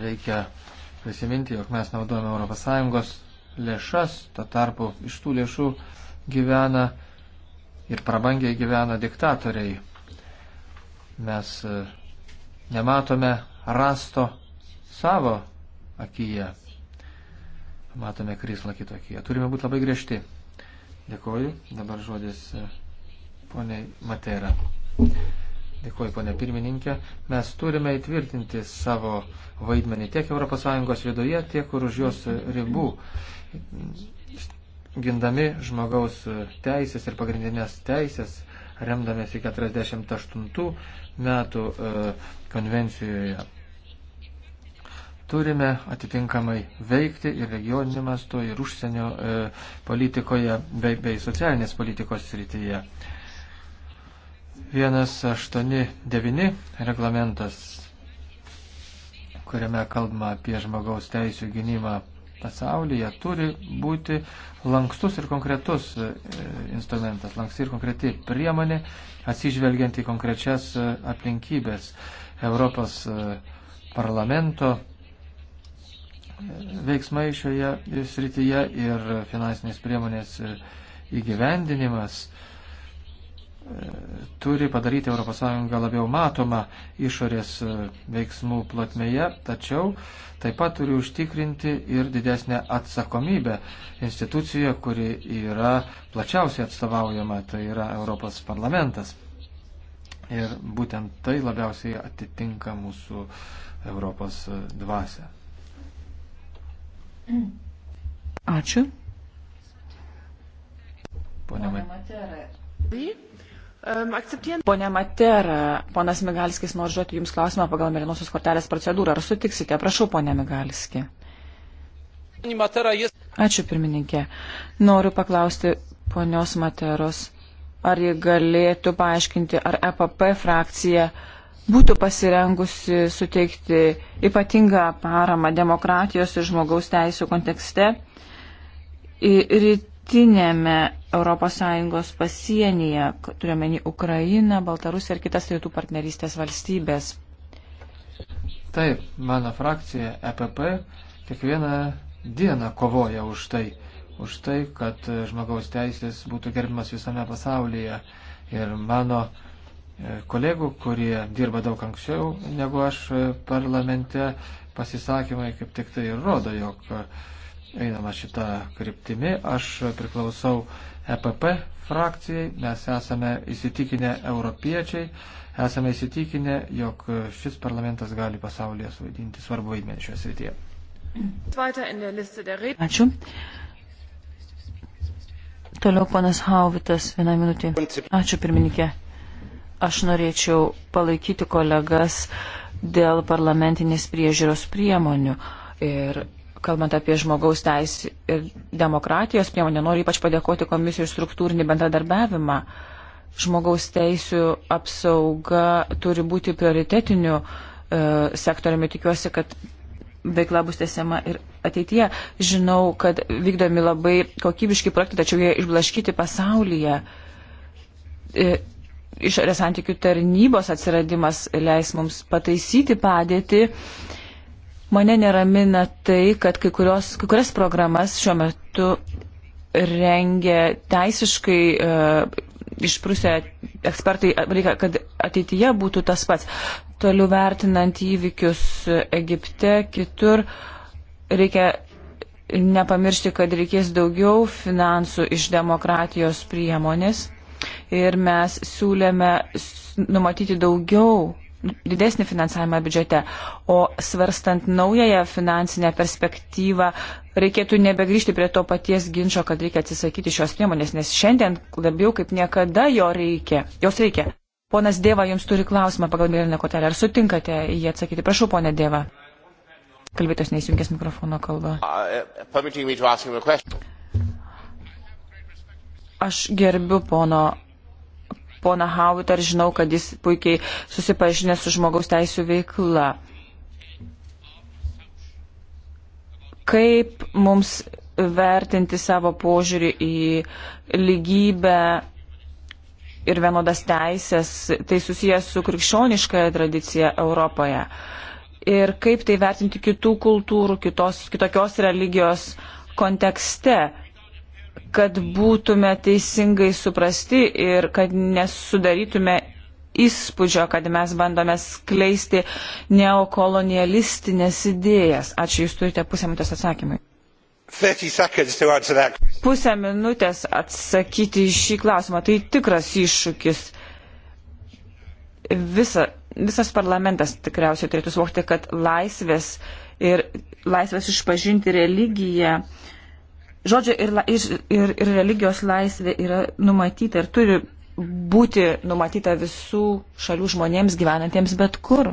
Reikia prisiminti, jog mes naudojame ES lėšas, ta tarpu iš tų lėšų gyvena ir prabangiai gyvena diktatoriai. Mes e, nematome rasto savo akyje. Matome krislą kitokie. Turime būti labai griežti. Dėkoju. Dabar žodis e, poniai Matera. Dėkuoju, ponė pirmininkė. Mes turime įtvirtinti savo vaidmenį tiek ES viduje, tiek ir už jos ribų, gindami žmogaus teisės ir pagrindinės teisės, remdamėsi 48 metų e, konvencijoje. Turime atitinkamai veikti ir regioninį mastu, ir užsienio e, politikoje, bei, bei socialinės politikos srityje. 189 reglamentas, kuriame kalbama apie žmogaus teisų gynimą pasaulyje, turi būti lankstus ir konkretus e, instrumentas, lanksti ir konkreti priemonė, atsižvelgiant į konkrečias e, aplinkybės. Europos e, parlamento veiksmai šioje srityje ir finansinės priemonės įgyvendinimas turi padaryti ES labiau matomą išorės e, veiksmų plotmėje, tačiau taip pat turi užtikrinti ir didesnę atsakomybę instituciją, kuri yra plačiausiai atstovaujama, tai yra Europos parlamentas. Ir būtent tai labiausiai atitinka mūsų Europos dvasę. Ačiū. Pone Matera. Taip. Pone Matera, ponas Migalskis nori žodžiu Jums klausimą pagal mėlynosios kortelės procedūrą. Ar sutiksite? Prašau, ponė Migalski. Ačiū, pirmininkė. Noriu paklausti ponios Materos, ar ji galėtų paaiškinti, ar EPP frakcija būtų pasirengusi suteikti ypatingą paramą demokratijos ir žmogaus teisų kontekste. Ir rytinėme ES pasienyje, turiuomenį Ukrainą, Baltarusiją ir kitas rytų partnerystės valstybės. Taip, mano frakcija EPP kiekvieną dieną kovoja už tai, už tai, kad žmogaus teisės būtų gerbimas visame pasaulyje. Ir mano e, kolegų, kurie dirba daug anksčiau negu aš e, parlamente, pasisakymai kaip tik tai ir rodo, jog einama šitą kryptimį. Aš priklausau EPP frakcijai, mes esame įsitikinę europiečiai, esame įsitikinę, jog šis parlamentas gali pasaulyje suvaidinti svarbu vaidmenį šioje srityje. Ačiū. Toliau ponas Hauvitas, vieną minutį. Ačiū pirmininkė. Aš norėčiau palaikyti kolegas dėl parlamentinės priežiūros priemonių ir kalbant apie žmogaus teisų ir demokratijos priemonę, noriu ypač padėkoti komisijų struktūrinį bendradarbiavimą. Žmogaus teisų apsauga turi būti prioritetiniu e, sektoriumi. Tikiuosi, kad veikla bus tęsiama ir ateityje. Žinau, kad vykdomi labai kokybiški projektai, tačiau jie išblaškyti pasaulyje. E, Išorės santykių tarnybos atsiradimas leis mums pataisyti padėtį. E, Mane neramina tai, kad kai, kurios, kai kurias programas šiuo metu rengia teisiškai e, išprusę ekspertai, reikia, kad ateityje būtų tas pats. Toliau vertinant įvykius Egipte, kitur, reikia nepamiršti, kad reikės daugiau finansų iš demokratijos priemonės ir mes siūlėme numatyti daugiau didesnį finansavimą biudžete, o svarstant naująją finansinę perspektyvą, reikėtų nebegrįžti prie to paties ginčio, kad reikia atsisakyti šios priemonės, nes šiandien labiau kaip niekada jo reikia, jos reikia. Ponas Dėva jums turi klausimą pagal mėlyną kotelę. Ar sutinkate jį atsakyti? Prašau, ponė Dėva. Kalbėtos neįsijungęs mikrofono kalba. Uh, Aš gerbiu pono pona Hauit, ar žinau, kad jis puikiai susipažinęs su žmogaus teisų veikla. Kaip mums vertinti savo požiūrį į lygybę ir vienodas teisės, tai susijęs su krikščioniškąją tradiciją Europoje. Ir kaip tai vertinti kitų kultūrų, kitos, kitokios religijos kontekste, kad būtume teisingai suprasti ir kad nesudarytume įspūdžio, kad mes bandome skleisti neokolonialistinės idėjas. Ačiū, jūs turite pusę minutės atsakymui. Pusę minutės atsakyti į šį klausimą. Tai tikras iššūkis. Visa, visas parlamentas tikriausiai turėtų suvokti, kad laisvės ir laisvės išpažinti religiją uh, žodžio ir, la, ir, ir, ir religijos laisvė yra numatyta ir turi būti numatyta visų šalių žmonėms gyvenantiems bet kur.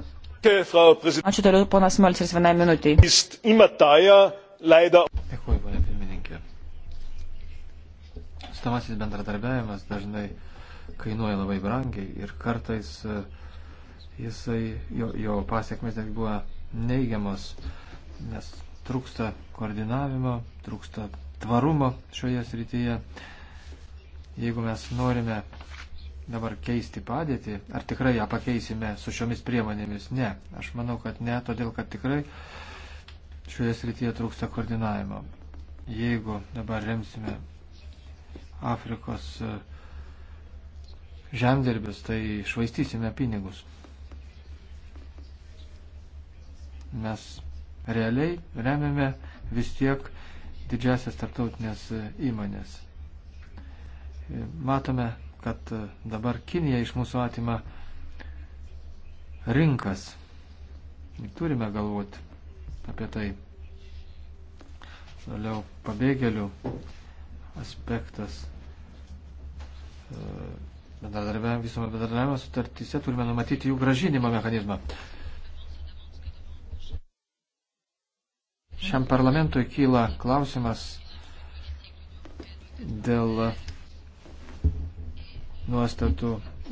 Ačiū toliau, ponas Malceris, vienai minutiai. Dėkuoju, ponė pirmininkė. Stamasis bendradarbiavimas dažnai kainuoja labai brangiai ir kartais e, jisai, jo, jo pasiekmes netgi buvo neigiamos, nes trūksta koordinavimo, trūksta tvarumo šioje srityje. Jeigu mes norime dabar keisti padėtį, ar tikrai ją pakeisime su šiomis priemonėmis? Ne. Aš manau, kad ne, todėl kad tikrai šioje srityje trūksta koordinavimo. Jeigu dabar remsime Afrikos e, žemdirbius, tai švaistysime pinigus. Mes realiai remiame vis tiek didžiasias tarptautinės e, įmonės. E, matome, kad e, dabar Kinija iš mūsų atima rinkas. Turime galvoti apie tai. Toliau pabėgėlių aspektas. Bendradarbiavimo, visuomet bendradarbiavimo sutartyse turime numatyti jų gražinimo mechanizmą. šiam parlamentui kyla klausimas dėl nuostatų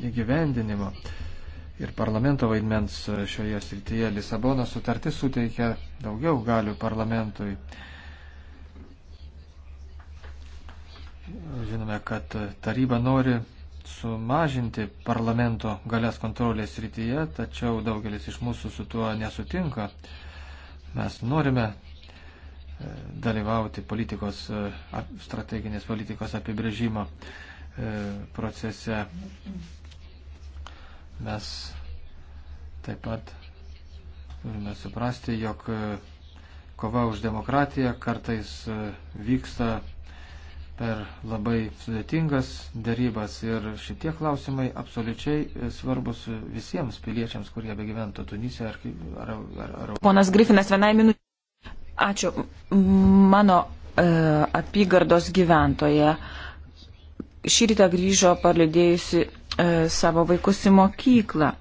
įgyvendinimo ir parlamento vaidmens šioje srityje. Lisabono sutartis suteikia daugiau galių parlamentui. Žinome, kad taryba nori sumažinti parlamento galės kontrolės srityje, tačiau daugelis iš mūsų su tuo nesutinka. Mes norime dalyvauti politikos, e, strateginės politikos apibrėžimo e, procese. Mes taip pat turime suprasti, jog e, kova už demokratiją kartais vyksta per labai sudėtingas dėrybas ir šitie klausimai absoliučiai svarbus visiems piliečiams, kurie begyventų Tunise ar, ar, ar, ar. Ponas Grifinas, vienai minutė. Ačiū. Mano e, apygardos gyventoje šį rytą grįžo palidėjusi e, savo vaikus į mokyklą.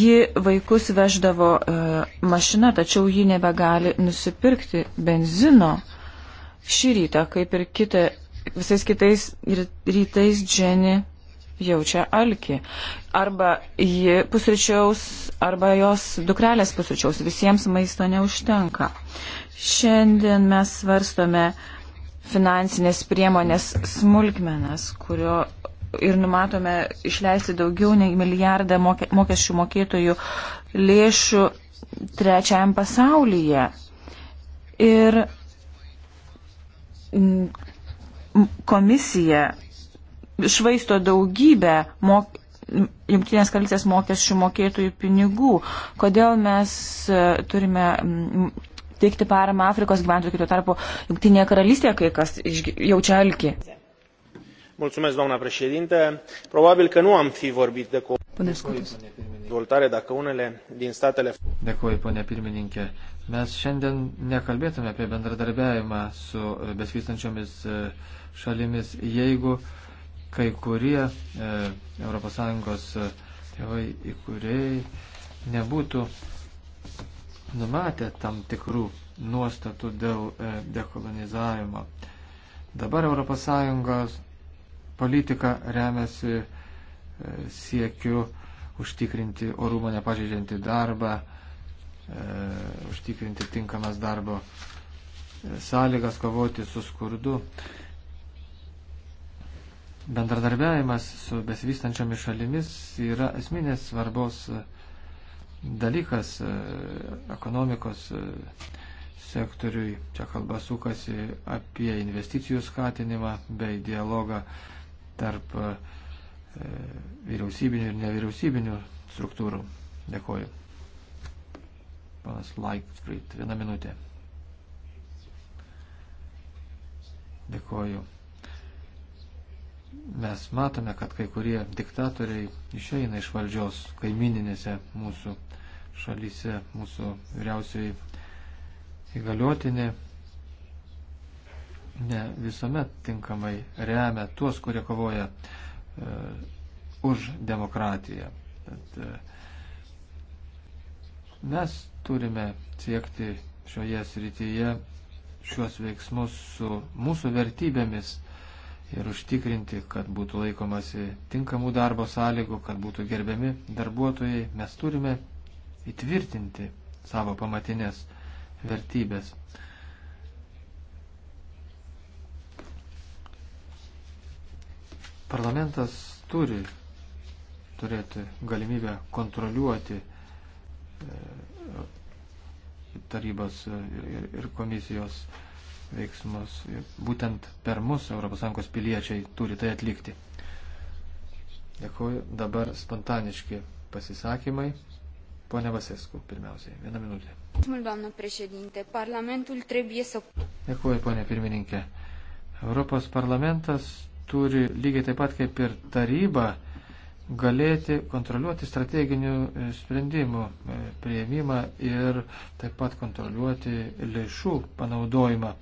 Ji vaikus veždavo e, mašina, tačiau ji nebegali nusipirkti benzino. Šį rytą, kaip ir kitą, visais kitais rytais, Dženi jaučia alkį. Arba ji pusryčiaus, arba jos dukrelės pusryčiaus. Visiems maisto neužtenka. Šiandien mes svarstome finansinės priemonės smulkmenas, kurio ir numatome išleisti daugiau nei milijardą mokesčių mokėtojų lėšų trečiajam pasaulyje. Ir komisija švaisto daugybę mok... Junktinės karalystės mokesčių mokėtojų pinigų. Kodėl mes e, turime teikti paramą Afrikos gyventojų, kitų tarpu Junktinėje karalystėje kai kas jaučia alkį? Mulțumesc, doamna președinte. Probabil că nu am fi vorbit de dezvoltare dacă unele din statele. Dėkuoju, ponia pirmininkė. Mes šiandien nekalbėtume apie bendradarbiavimą su besvystančiomis e, šalimis, jeigu uh, kai kurie ES e, tėvai įkūrėjai nebūtų numatę tam tikrų nuostatų dėl e, dekolonizavimo. Dabar ES politika remiasi e, siekiu užtikrinti orumą nepažeidžiantį darbą, užtikrinti tinkamas darbo sąlygas, kovoti su skurdu bendradarbiavimas su besivystančiomis šalimis yra esminės svarbos e, dalykas e, ekonomikos e, sektoriui. Čia kalba sukasi apie investicijų skatinimą bei dialogą tarp vyriausybinių ir nevyriausybinių struktūrų. Dėkoju. Panas Lightfried, vieną minutę. Dėkoju. Mes matome, kad kai kurie diktatoriai išeina iš valdžios kaimininėse mūsų šalyse, mūsų vyriausiai įgaliotinė ne visuomet tinkamai remia tuos, kurie kovoja e, už demokratiją. Tad, e, mes turime siekti šioje srityje šiuos veiksmus su mūsų vertybėmis ir užtikrinti, kad būtų laikomasi tinkamų darbo sąlygų, kad būtų gerbiami darbuotojai, mes turime įtvirtinti savo pamatinės vertybės. Parlamentas turi turėti galimybę kontroliuoti e, tarybos ir, ir komisijos veiksmus. Būtent per mus ES piliečiai turi tai atlikti. Dėkuoju. Dabar spontaniški pasisakymai. Pone Vasescu, pirmiausiai, vieną minutę. Dėkuoju, ponė pirmininkė. Europos parlamentas turi lygiai taip pat kaip ir taryba galėti kontroliuoti strateginių e, sprendimų e, prieimimą ir taip pat kontroliuoti lėšų panaudojimą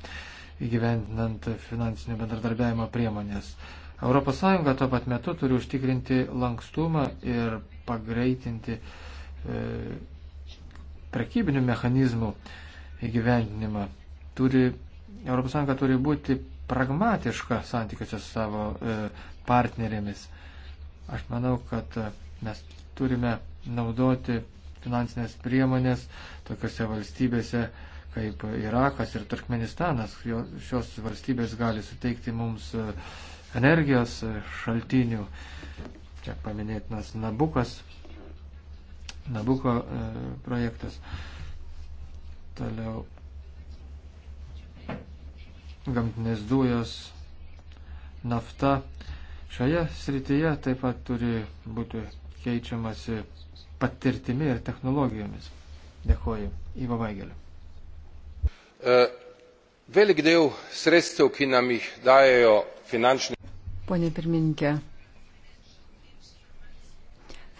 įgyvendinant finansinio bendradarbiavimo priemonės. ES tuo pat metu turi užtikrinti lankstumą ir pagreitinti e, prekybinių mechanizmų įgyvendinimą. Turi, ES turi būti pragmatiška santykiuose su savo e, partnerėmis. E, Aš manau, kad e, mes turime naudoti finansinės priemonės tokiuose valstybėse kaip Irakas ir Turkmenistanas. Šios valstybės gali suteikti mums e, energijos e, šaltinių. Čia paminėtinas Nabukas, Nabuko projektas. Toliau gamtinės dujos, nafta. Šioje srityje taip pat turi būti keičiamasi patirtimi ir technologijomis. Dėkoju. Ivo Vaigelė. E, velik del sredstev, ki nam jih dajo finančni. Pone pirmininkė,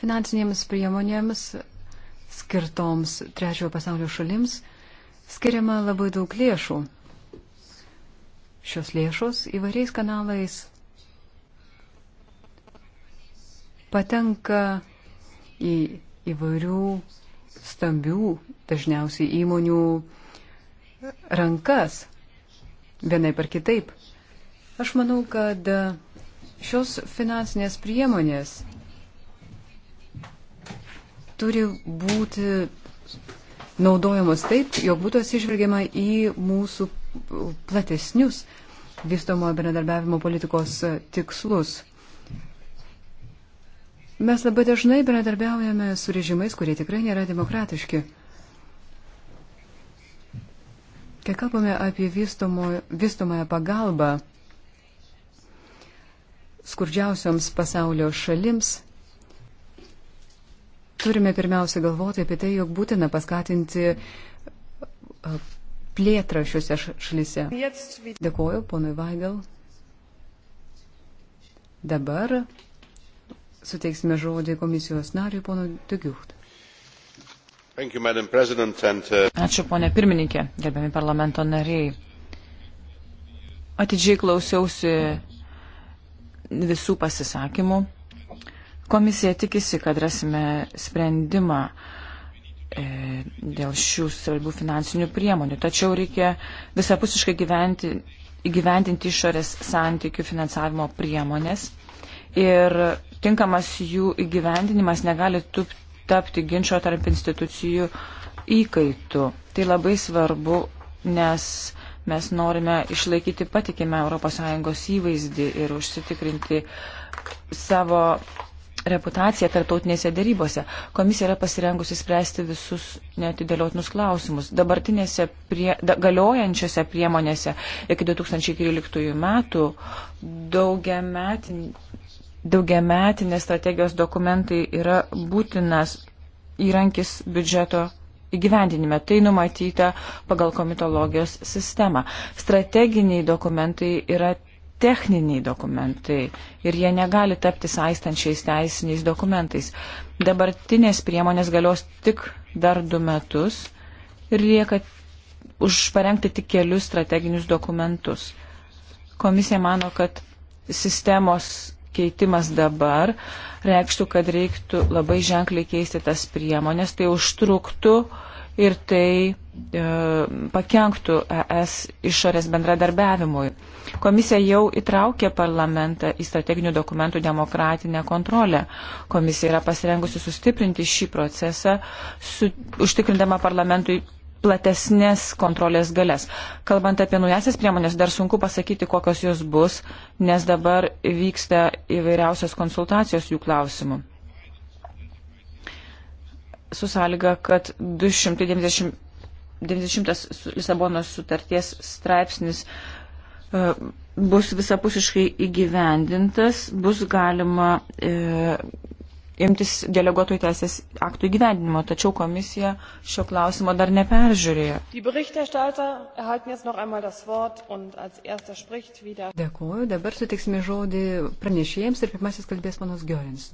finansinėms priemonėms skirtoms trečiojo pasaulio šalims skiriama labai daug lėšų. Šios lėšos įvairiais kanalais patenka į įvairių stambių, dažniausiai įmonių rankas, vienaip ar kitaip. Aš manau, kad šios finansinės priemonės turi būti naudojamos taip, jog būtų atsižvelgiama į mūsų platesnius vystomo bendradarbiavimo politikos tikslus. Mes labai dažnai bendradarbiaujame su režimais, kurie tikrai nėra demokratiški. Kai kalbame apie vystomo, vystomąją pagalbą skurdžiausioms pasaulio šalims, turime pirmiausia galvoti apie tai, jog būtina paskatinti plėtrą šiuose šalise. Dėkoju, ponui Vaigel. Dabar suteiksime žodį komisijos nariui, pono Degiucht. Uh, Ačiū, ponė pirmininkė, gerbiami parlamento nariai. Atidžiai klausiausi visų pasisakymų. Komisija tikisi, kad rasime sprendimą e, dėl šių svarbių finansinių priemonių, tačiau reikia visapusiškai gyventi, įgyventinti išorės santykių finansavimo priemonės ir tinkamas jų įgyvendinimas negali tapti ginčio tarp institucijų įkaitų. Tai labai svarbu, nes mes norime išlaikyti patikimą ES įvaizdį ir užsitikrinti savo reputaciją tarptautinėse dėrybose. Komisija yra pasirengusi spręsti visus netidėliotinus klausimus. Dabartinėse prie, da, galiojančiose priemonėse iki 2013 metų daugia metin, daugiametinės strategijos dokumentai yra būtinas įrankis biudžeto įgyvendinime. Tai numatyta pagal komitologijos sistemą. Strateginiai dokumentai yra techniniai dokumentai ir jie negali tapti saistančiais teisiniais dokumentais. Dabartinės priemonės galios tik dar du metus ir lieka už parengti tik kelius strateginius dokumentus. Komisija mano, kad sistemos keitimas dabar reikštų, kad reiktų labai ženkliai keisti tas priemonės, tai užtruktų ir tai e, pakenktų ES išorės bendradarbiavimui. Komisija jau įtraukė parlamentą į strateginių dokumentų demokratinę kontrolę. Komisija yra pasirengusi sustiprinti šį procesą, su, užtikrindama parlamentui platesnės kontrolės galės. Kalbant apie naujasias priemonės, dar sunku pasakyti, kokios jos bus, nes dabar vyksta įvairiausios konsultacijos jų klausimų. Su sąlyga, kad 290 Lisabonos sutarties straipsnis e, bus visapusiškai įgyvendintas, bus galima e, imtis deleguotojų teisės aktų įgyvendinimo, tačiau komisija šio klausimo dar neperžiūrėjo. Dėkuoju, dabar sutiksime žodį pranešėjams ir pirmasis kalbės panas Giorins.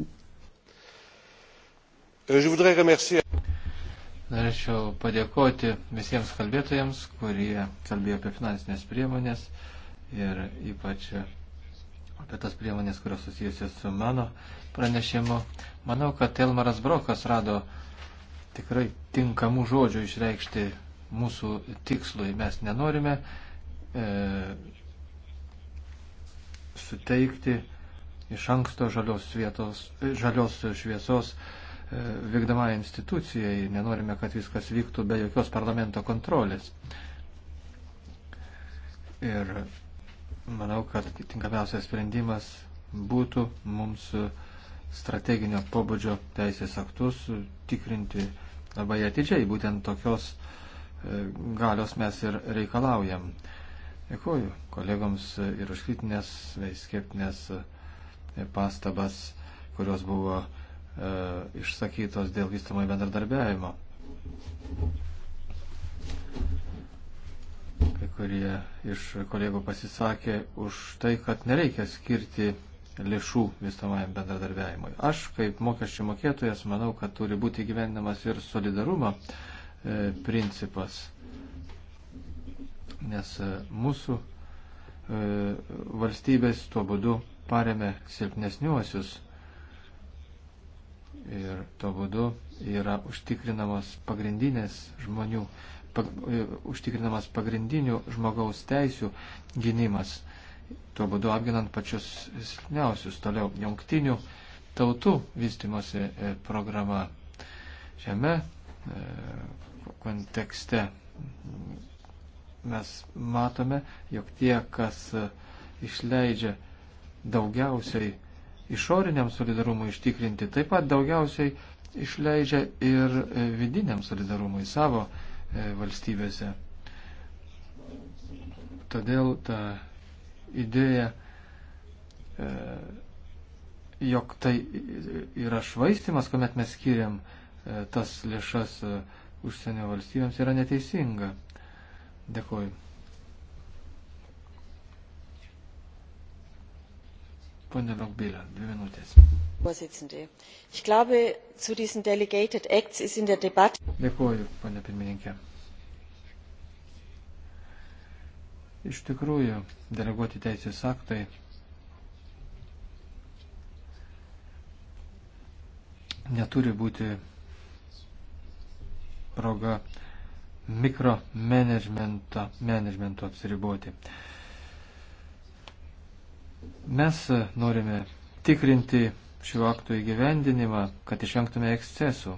Norėčiau padėkoti visiems kalbėtojams, kurie kalbėjo apie finansinės priemonės ir ypač apie tas priemonės, kurios susijusios su mano pranešimu. Manau, kad Elmaras Brokas rado tikrai tinkamų žodžių išreikšti mūsų tikslui. Mes nenorime e, suteikti iš anksto žalios, vietos, žalios šviesos e, vykdama institucijai. Nenorime, kad viskas vyktų be jokios parlamento kontrolės. Ir manau, kad tinkamiausias sprendimas būtų mums. E, strateginio pobūdžio teisės aktus tikrinti labai atidžiai. Būtent tokios e, galios mes ir reikalaujam. Dėkuoju kolegoms ir už kritinės, veiskeptinės e, pastabas, kurios buvo e, išsakytos dėl vystomo bendradarbiavimo. Kai kurie iš kolegų pasisakė už tai, kad nereikia skirti lėšų visomajam bendradarbiavimui. Aš kaip mokesčių mokėtojas manau, kad turi būti gyvenimas ir solidarumo e, principas, nes e, mūsų e, valstybės tuo būdu paremė silpnesniuosius ir tuo būdu yra užtikrinamas pagrindinės žmonių, pag, e, užtikrinamas pagrindinių žmogaus teisių gynimas tuo būdu apginant pačius silpniausius toliau jungtinių tautų vystimosi e, programa šiame e, kontekste mes matome, jog tie, kas e, išleidžia daugiausiai išoriniam solidarumui ištikrinti, taip pat daugiausiai išleidžia ir vidiniam solidarumui savo valstybėse. Todėl ta idėja, e, jog tai yra švaistimas, kuomet mes skiriam e, tas lėšas e, užsienio valstybėms, yra neteisinga. Dėkuoju. Pone Lokbėlė, dvi minutės. Dėkuoju, pane pirmininkė. Iš tikrųjų, deleguoti teisės aktai neturi būti proga mikromanagemento apsiriboti. Mes norime tikrinti šių aktų įgyvendinimą, kad išvengtume ekscesų.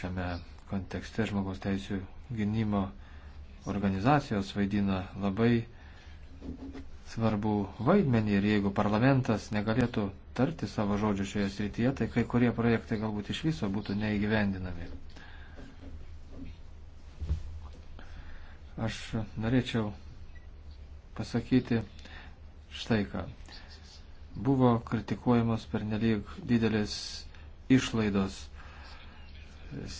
Šiame kontekste žmogaus teisų gynimo organizacijos vaidina labai svarbu vaidmenį ir jeigu parlamentas negalėtų tarti savo žodžių šioje srityje, tai kai kurie projektai galbūt iš viso būtų neįgyvendinami. Aš norėčiau pasakyti štai ką. Buvo kritikuojamos pernelyg didelės išlaidos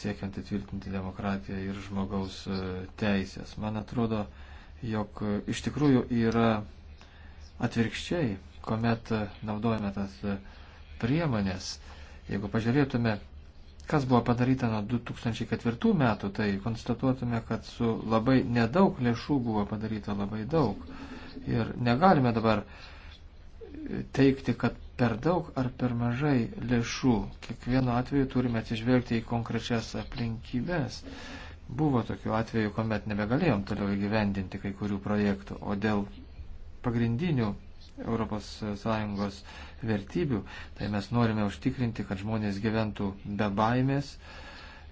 siekiant įtvirtinti demokratiją ir žmogaus e, teisės. Man atrodo, jog e, iš tikrųjų yra atvirkščiai, kuomet e, naudojame tas priemonės. Jeigu pažiūrėtume, kas buvo padaryta nuo 2004 metų, tai konstatuotume, kad su labai nedaug lėšų buvo padaryta labai daug. Ir negalime dabar uh, teikti, kad per daug ar per mažai lėšų. Kiekvienu atveju turime atsižvelgti į konkrečias aplinkybės. Buvo tokių atvejų, kuomet nebegalėjom toliau įgyvendinti kai kurių projektų, o dėl pagrindinių ES vertybių, tai mes norime užtikrinti, kad žmonės gyventų be baimės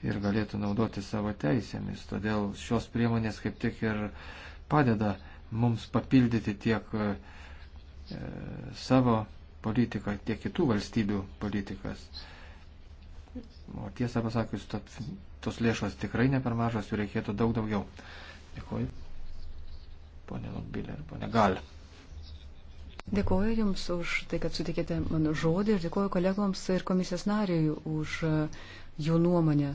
ir galėtų naudoti savo teisėmis. Todėl šios priemonės kaip tik ir padeda mums papildyti tiek uh, E, savo politiką, tiek kitų valstybių politikas. O tiesą pasakius, to, tos lėšos tikrai ne per mažos, jų reikėtų daug daugiau. Dėkuoju. Pone Lutbilė ir pone Gal. Dėkuoju Jums už tai, kad sutikėte mano žodį ir dėkuoju kolegoms ir komisijos nariui už e, jų nuomonę.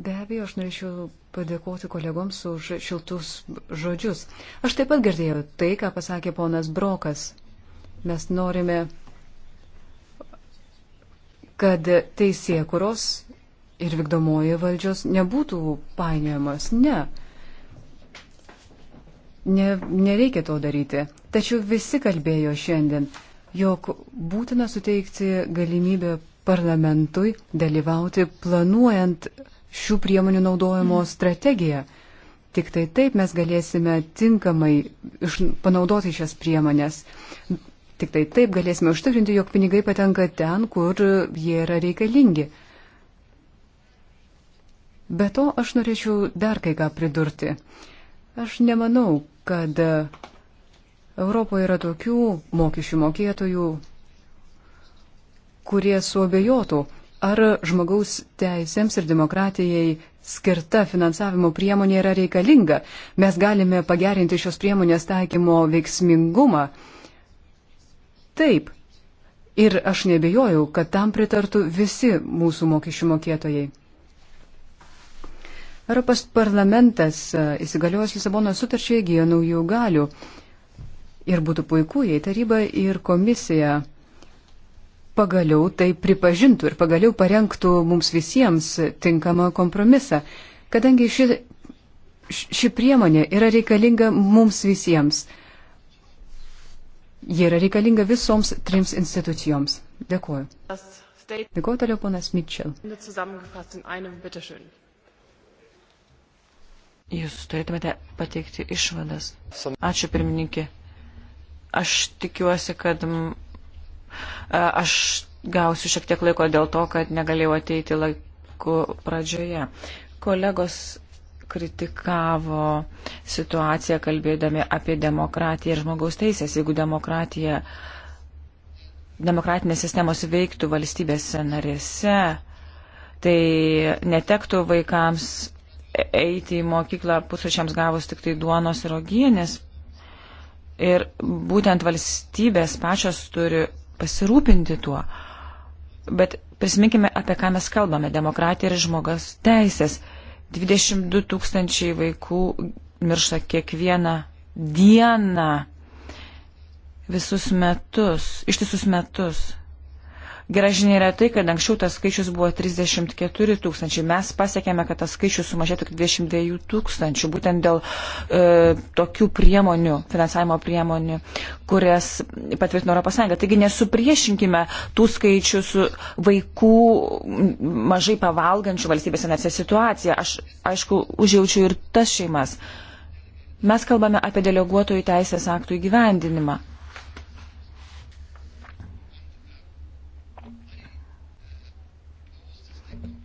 Be abejo, aš norėčiau padėkoti kolegoms už šiltus žodžius. Aš taip pat girdėjau tai, ką pasakė ponas Brokas. Mes norime, kad teisėkuros ir vykdomoji valdžios nebūtų painiojamas. Ne. ne. Nereikia to daryti. Tačiau visi kalbėjo šiandien, jog būtina suteikti galimybę parlamentui dalyvauti planuojant šių priemonių naudojimo strategiją. Tik tai taip mes galėsime tinkamai panaudoti šias priemonės. Tik tai taip galėsime užtikrinti, jog pinigai patenka ten, kur jie yra reikalingi. Be to, aš norėčiau dar kai ką pridurti. Aš nemanau, kad Europoje yra tokių mokesčių mokėtojų, kurie suabejotų, ar žmogaus teisėms ir demokratijai skirta finansavimo priemonė yra reikalinga. Mes galime pagerinti šios priemonės taikymo veiksmingumą. Taip. Ir aš nebejojau, kad tam pritartų visi mūsų mokesčių mokėtojai. Europos parlamentas e, įsigaliojus Lisabono sutarčiai įgyjo naujų galių. Ir būtų puiku, jei taryba ir komisija pagaliau tai pripažintų ir pagaliau parengtų mums visiems tinkamą kompromisą, kadangi ši, ši priemonė yra reikalinga mums visiems. Ji yra reikalinga visoms trims institucijoms. Dėkuoju. Dėkuoju toliau ponas Mitchell. Jūs turėtumėte pateikti išvadas. Ačiū pirmininkė. Aš tikiuosi, kad Aš gausiu šiek tiek laiko dėl to, kad negalėjau ateiti laiku pradžioje. Kolegos kritikavo situaciją kalbėdami apie demokratiją ir žmogaus teisės. Jeigu demokratija, demokratinės sistemos veiktų valstybėse narėse, tai netektų vaikams eiti į mokyklą pusryčiams gavus tik tai duonos ir ogienės. Ir būtent valstybės pačios turi pasirūpinti tuo. Bet prisiminkime, apie ką mes kalbame - demokratija ir žmogas teisės. 22 tūkstančiai vaikų miršta kiekvieną dieną, visus metus, ištisus metus. Gražinė yra tai, kad anksčiau tas skaičius buvo 34 tūkstančiai. Mes pasiekėme, kad tas skaičius sumažėtų 22 tūkstančių, būtent dėl e, tokių priemonių, finansavimo priemonių, kurias patvirtino Europos Sąjunga. Taigi nesupriešinkime tų skaičių su vaikų mažai pavalgančių valstybėse narse situacija. Aš, aišku, užjaučiu ir tas šeimas. Mes kalbame apie deleguotojų teisės aktų įgyvendinimą.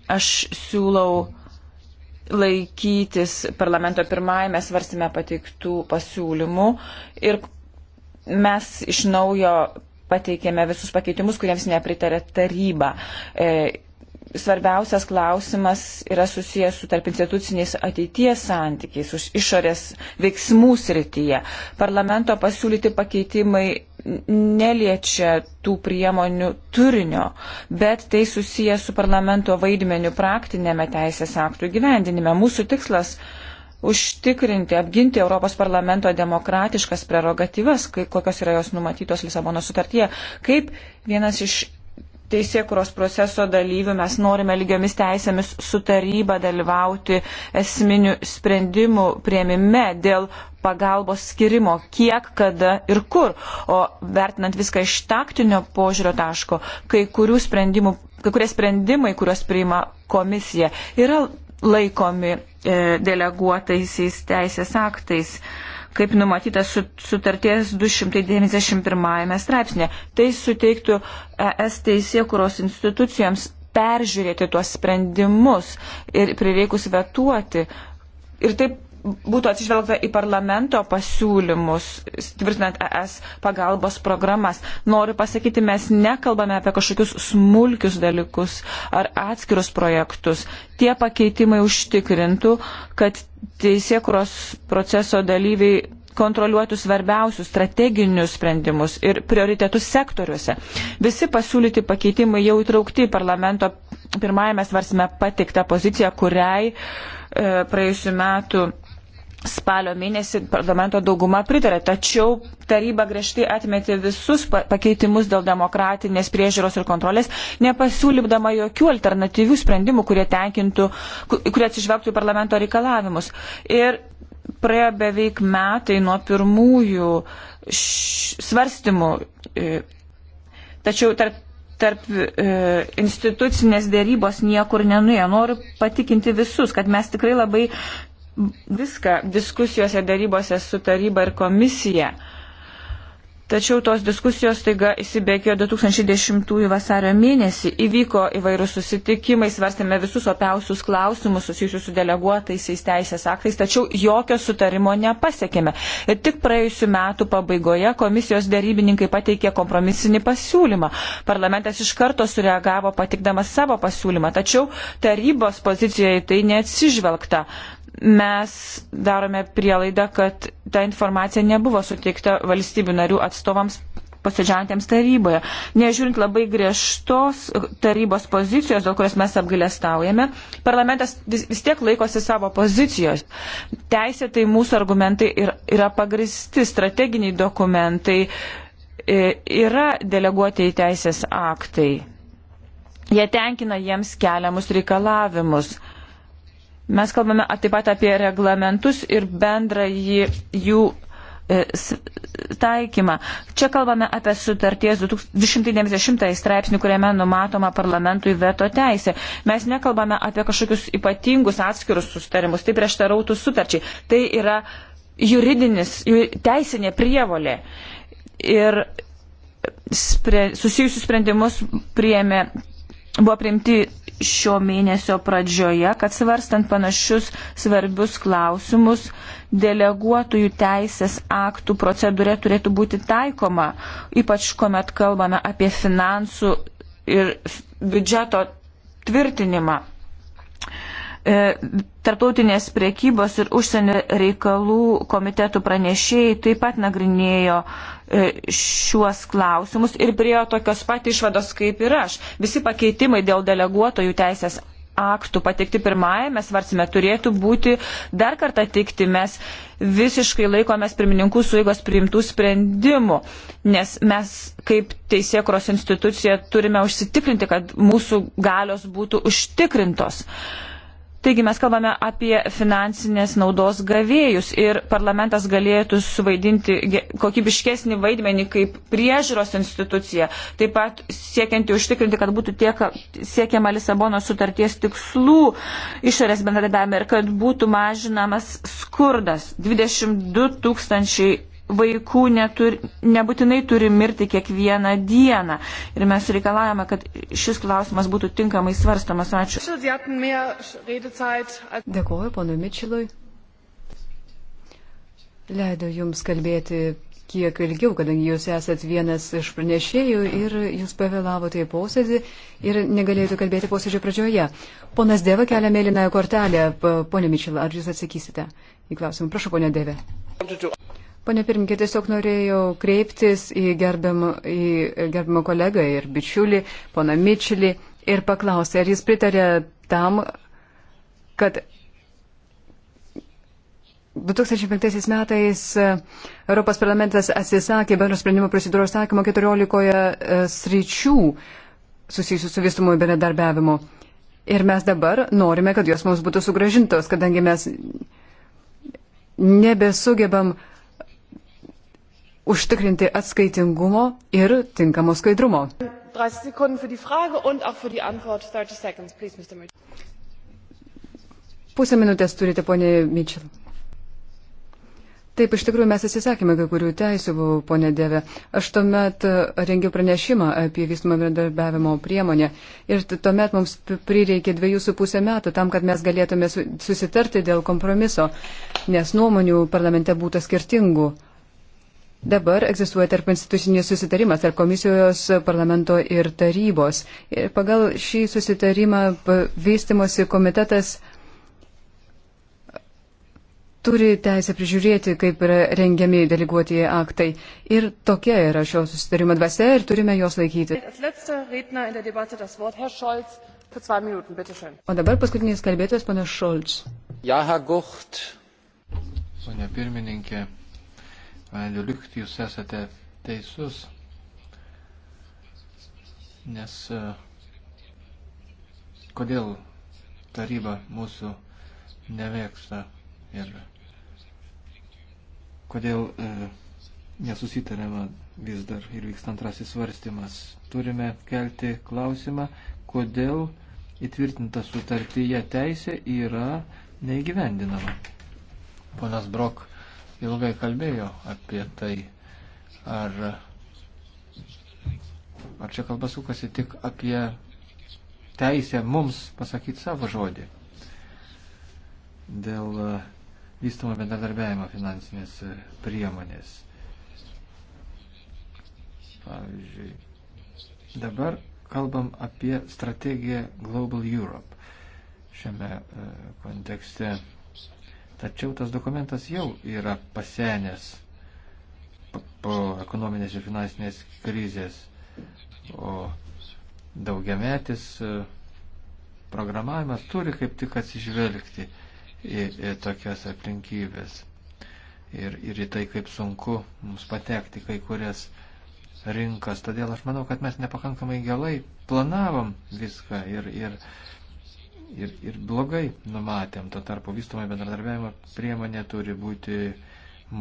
Aš siūlau laikytis parlamento pirmajame svarstime pateiktų pasiūlymų ir mes iš naujo pateikėme visus pakeitimus, kuriems nepritarė taryba. E, svarbiausias klausimas yra susijęs su tarp instituciniais ateities santykiais, už išorės veiksmų srityje. Parlamento pasiūlyti pakeitimai neliečia tų priemonių turinio, bet tai susiję su parlamento vaidmeniu praktinėme teisės aktų gyvendinime. Mūsų tikslas užtikrinti, apginti Europos parlamento demokratiškas prerogatyvas, kokios yra jos numatytos Lisabono sutartyje, kaip vienas iš teisėkuros proceso dalyvių, mes norime lygiomis teisėmis su taryba dalyvauti esminių sprendimų prieimime dėl pagalbos skirimo, kiek, kada ir kur. O vertinant viską iš taktinio požiūrio taško, kai, kai kurie sprendimai, kuriuos priima komisija, yra laikomi e, deleguotaisiais teisės aktais. E, kaip numatyta sutarties 291 straipsnė. Tai suteiktų ES teisėkuros institucijoms peržiūrėti tuos sprendimus ir prireikus vetuoti. Ir taip būtų atsižvelgta į parlamento pasiūlymus, tvirtinant ES pagalbos programas. Noriu pasakyti, mes nekalbame apie kažkokius smulkius dalykus ar atskirus projektus. Tie pakeitimai užtikrintų, kad teisėkuros proceso dalyviai kontroliuotų svarbiausius strateginius sprendimus ir prioritetus sektoriuose. Visi pasiūlyti pakeitimai jau įtraukti į parlamento pirmajame svarsime patiktą poziciją, kuriai e, praėjusiu metu spalio mėnesį parlamento dauguma pritarė, tačiau taryba griežtai atmetė visus pakeitimus dėl demokratinės priežiūros ir kontrolės, nepasiūlydama jokių alternatyvių sprendimų, kurie tenkintų, kurie atsižvelgtų į parlamento reikalavimus. Ir praėjo beveik metai nuo pirmųjų svarstymų, e, tačiau tarp tarp e, institucinės dėrybos niekur nenuėjo. Noriu patikinti visus, kad mes tikrai labai viską diskusijose, darybose su taryba ir komisija. Tačiau tos diskusijos taiga įsibėgėjo 2010 vasario mėnesį, įvyko įvairūs susitikimai, svarstėme visus opiausius klausimus susijusius su deleguotaisiais teisės aktais, tačiau jokio sutarimo nepasiekėme. Ir tik praėjusiu metu pabaigoje komisijos darybininkai pateikė kompromisinį pasiūlymą. Parlamentas iš karto sureagavo patikdamas savo pasiūlymą, tačiau tarybos pozicijoje tai neatsižvelgta mes darome prielaidą, kad ta informacija nebuvo suteikta valstybių narių atstovams posėdžiantiems taryboje. Nežiūrint labai griežtos tarybos pozicijos, dėl kurios mes apgailestaujame, parlamentas vis tiek laikosi savo pozicijos. Teisė tai mūsų argumentai yra pagristi, strateginiai dokumentai e, yra deleguoti į teisės aktai. Jie tenkina jiems keliamus reikalavimus. Mes kalbame taip pat apie reglamentus ir bendrąjį jų e, taikymą. Čia kalbame apie sutarties 290 straipsnių, kuriame numatoma parlamentui veto teisė. Mes nekalbame apie kažkokius ypatingus atskirus sustarimus, tai prieštarautų sutarčiai. Tai yra juridinis, teisinė prievolė. Ir spre, susijusius sprendimus priėmė, buvo priimti šio mėnesio pradžioje, kad svarstant panašius svarbius klausimus, deleguotojų teisės aktų procedūra turėtų būti taikoma, ypač kuomet kalbame apie finansų ir biudžeto tvirtinimą. E, tarptautinės priekybos ir užsienio reikalų komitetų pranešėjai taip pat nagrinėjo e, šiuos klausimus ir priejo tokios pat išvados kaip ir aš. Visi pakeitimai dėl deleguotojų teisės aktų patikti pirmajame svarsime turėtų būti dar kartą tikti. Mes visiškai laikomės pirmininkų suigos priimtų sprendimų, nes mes kaip teisėkros institucija turime užsitikrinti, kad mūsų galios būtų užtikrintos. Uh, Taigi mes kalbame apie finansinės naudos gavėjus ir parlamentas galėtų suvaidinti kokybiškesnį vaidmenį kaip priežiūros institucija, taip pat siekianti užtikrinti, kad būtų tiek siekiama Lisabono sutarties tikslų išorės bendradarbiavime ir kad būtų mažinamas skurdas. 22 tūkstančiai vaikų netur, nebūtinai turi mirti kiekvieną dieną. Ir mes reikalavome, kad šis klausimas būtų tinkamai svarstamas. Ačiū. Dėkuoju ponui Mičilui. Leido jums kalbėti kiek ilgiau, kadangi jūs esat vienas iš pranešėjų ir jūs pavėlavote į posėdį ir negalėjote kalbėti posėdžio pradžioje. Ponas Deva kelia mėlynąją kortelę. Pone Mičilą, ar jūs atsakysite į klausimą? Prašau, ponė Deve. Pane pirmininkė, tiesiog norėjau kreiptis į gerbiamą, į gerbiamą kolegą ir bičiulį, poną Mičelį, ir paklausti, ar jis pritarė tam, kad 2005 metais e, Europos parlamentas atsisakė bendro sprendimo procedūros taikymo 14 e, sričių susijusių su vystumo bendradarbiavimu. Ir mes dabar norime, kad jos mums būtų sugražintos, kadangi mes nebesugebam uh, užtikrinti atskaitingumo ir tinkamo skaidrumo. Pusę minutės turite, ponė Mitchell. Taip, iš tikrųjų mes atsisakėme kai kurių teisų, ponė Dėvė. Aš tuomet e, rengiau pranešimą apie vystumo bendradarbiavimo priemonę ir tuomet mums prireikė dviejų su pusę metų tam, kad mes galėtume susitarti dėl kompromiso, nes nuomonių parlamente būtų skirtingų. Dabar egzistuoja tarp institucinės susitarimas tarp komisijos, parlamento ir tarybos. Ir pagal šį susitarimą vystimosi komitetas turi teisę prižiūrėti, kaip yra rengiami deleguotieji aktai. Ir tokia yra šio susitarimo dvasia ir turime jos laikyti. O dabar paskutinis kalbėtojas, panas Šolts. Ja, Herr Gucht. Pone pirmininkė, Liuliuk, tai jūs esate teisus, nes e, kodėl taryba mūsų nevėksta ir kodėl e, nesusitarėma vis dar ir vyksta antrasis svarstymas. Turime kelti klausimą, kodėl įtvirtinta sutartyje teisė yra neįgyvendinama. Ponas Brok ilgai kalbėjo apie tai, ar, ar čia kalba sukasi tik apie teisę mums pasakyti savo žodį dėl e, vystomo bendradarbiavimo finansinės e, priemonės. Pavyzdžiui, dabar kalbam apie strategiją Global Europe šiame e, kontekste Tačiau tas dokumentas jau yra pasenęs po ekonominės ir finansinės krizės, o daugiametis e, programavimas turi kaip tik atsižvelgti į, į tokias aplinkybės ir, ir į tai, kaip sunku mums patekti kai kurias rinkas. Todėl aš manau, kad mes nepakankamai gerai planavom viską ir, ir ir, ir blogai numatėm. Tuo tarpu vystomą bendradarbiavimo priemonė turi būti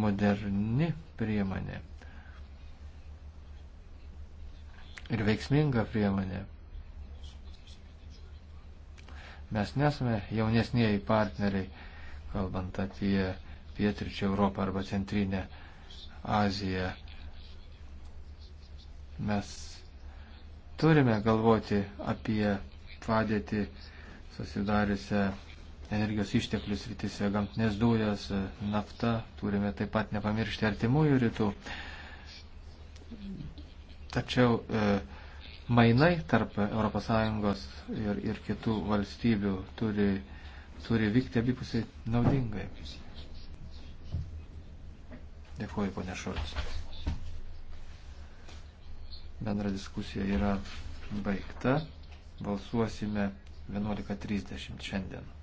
moderni priemonė ir veiksminga priemonė. Mes nesame jaunesnieji partneriai, kalbant apie pietričio Europą arba centrinę Aziją. Mes turime galvoti apie padėtį susidariusią energijos išteklių srityse, gamtinės dujas, nafta, turime taip pat nepamiršti artimųjų rytų. Tačiau e, mainai tarp ES ir, ir kitų valstybių turi, turi vykti abipusiai naudingai. Dėkuoju, ponė Šulc. Bendra diskusija yra baigta. Balsuosime 11.30 šiandien.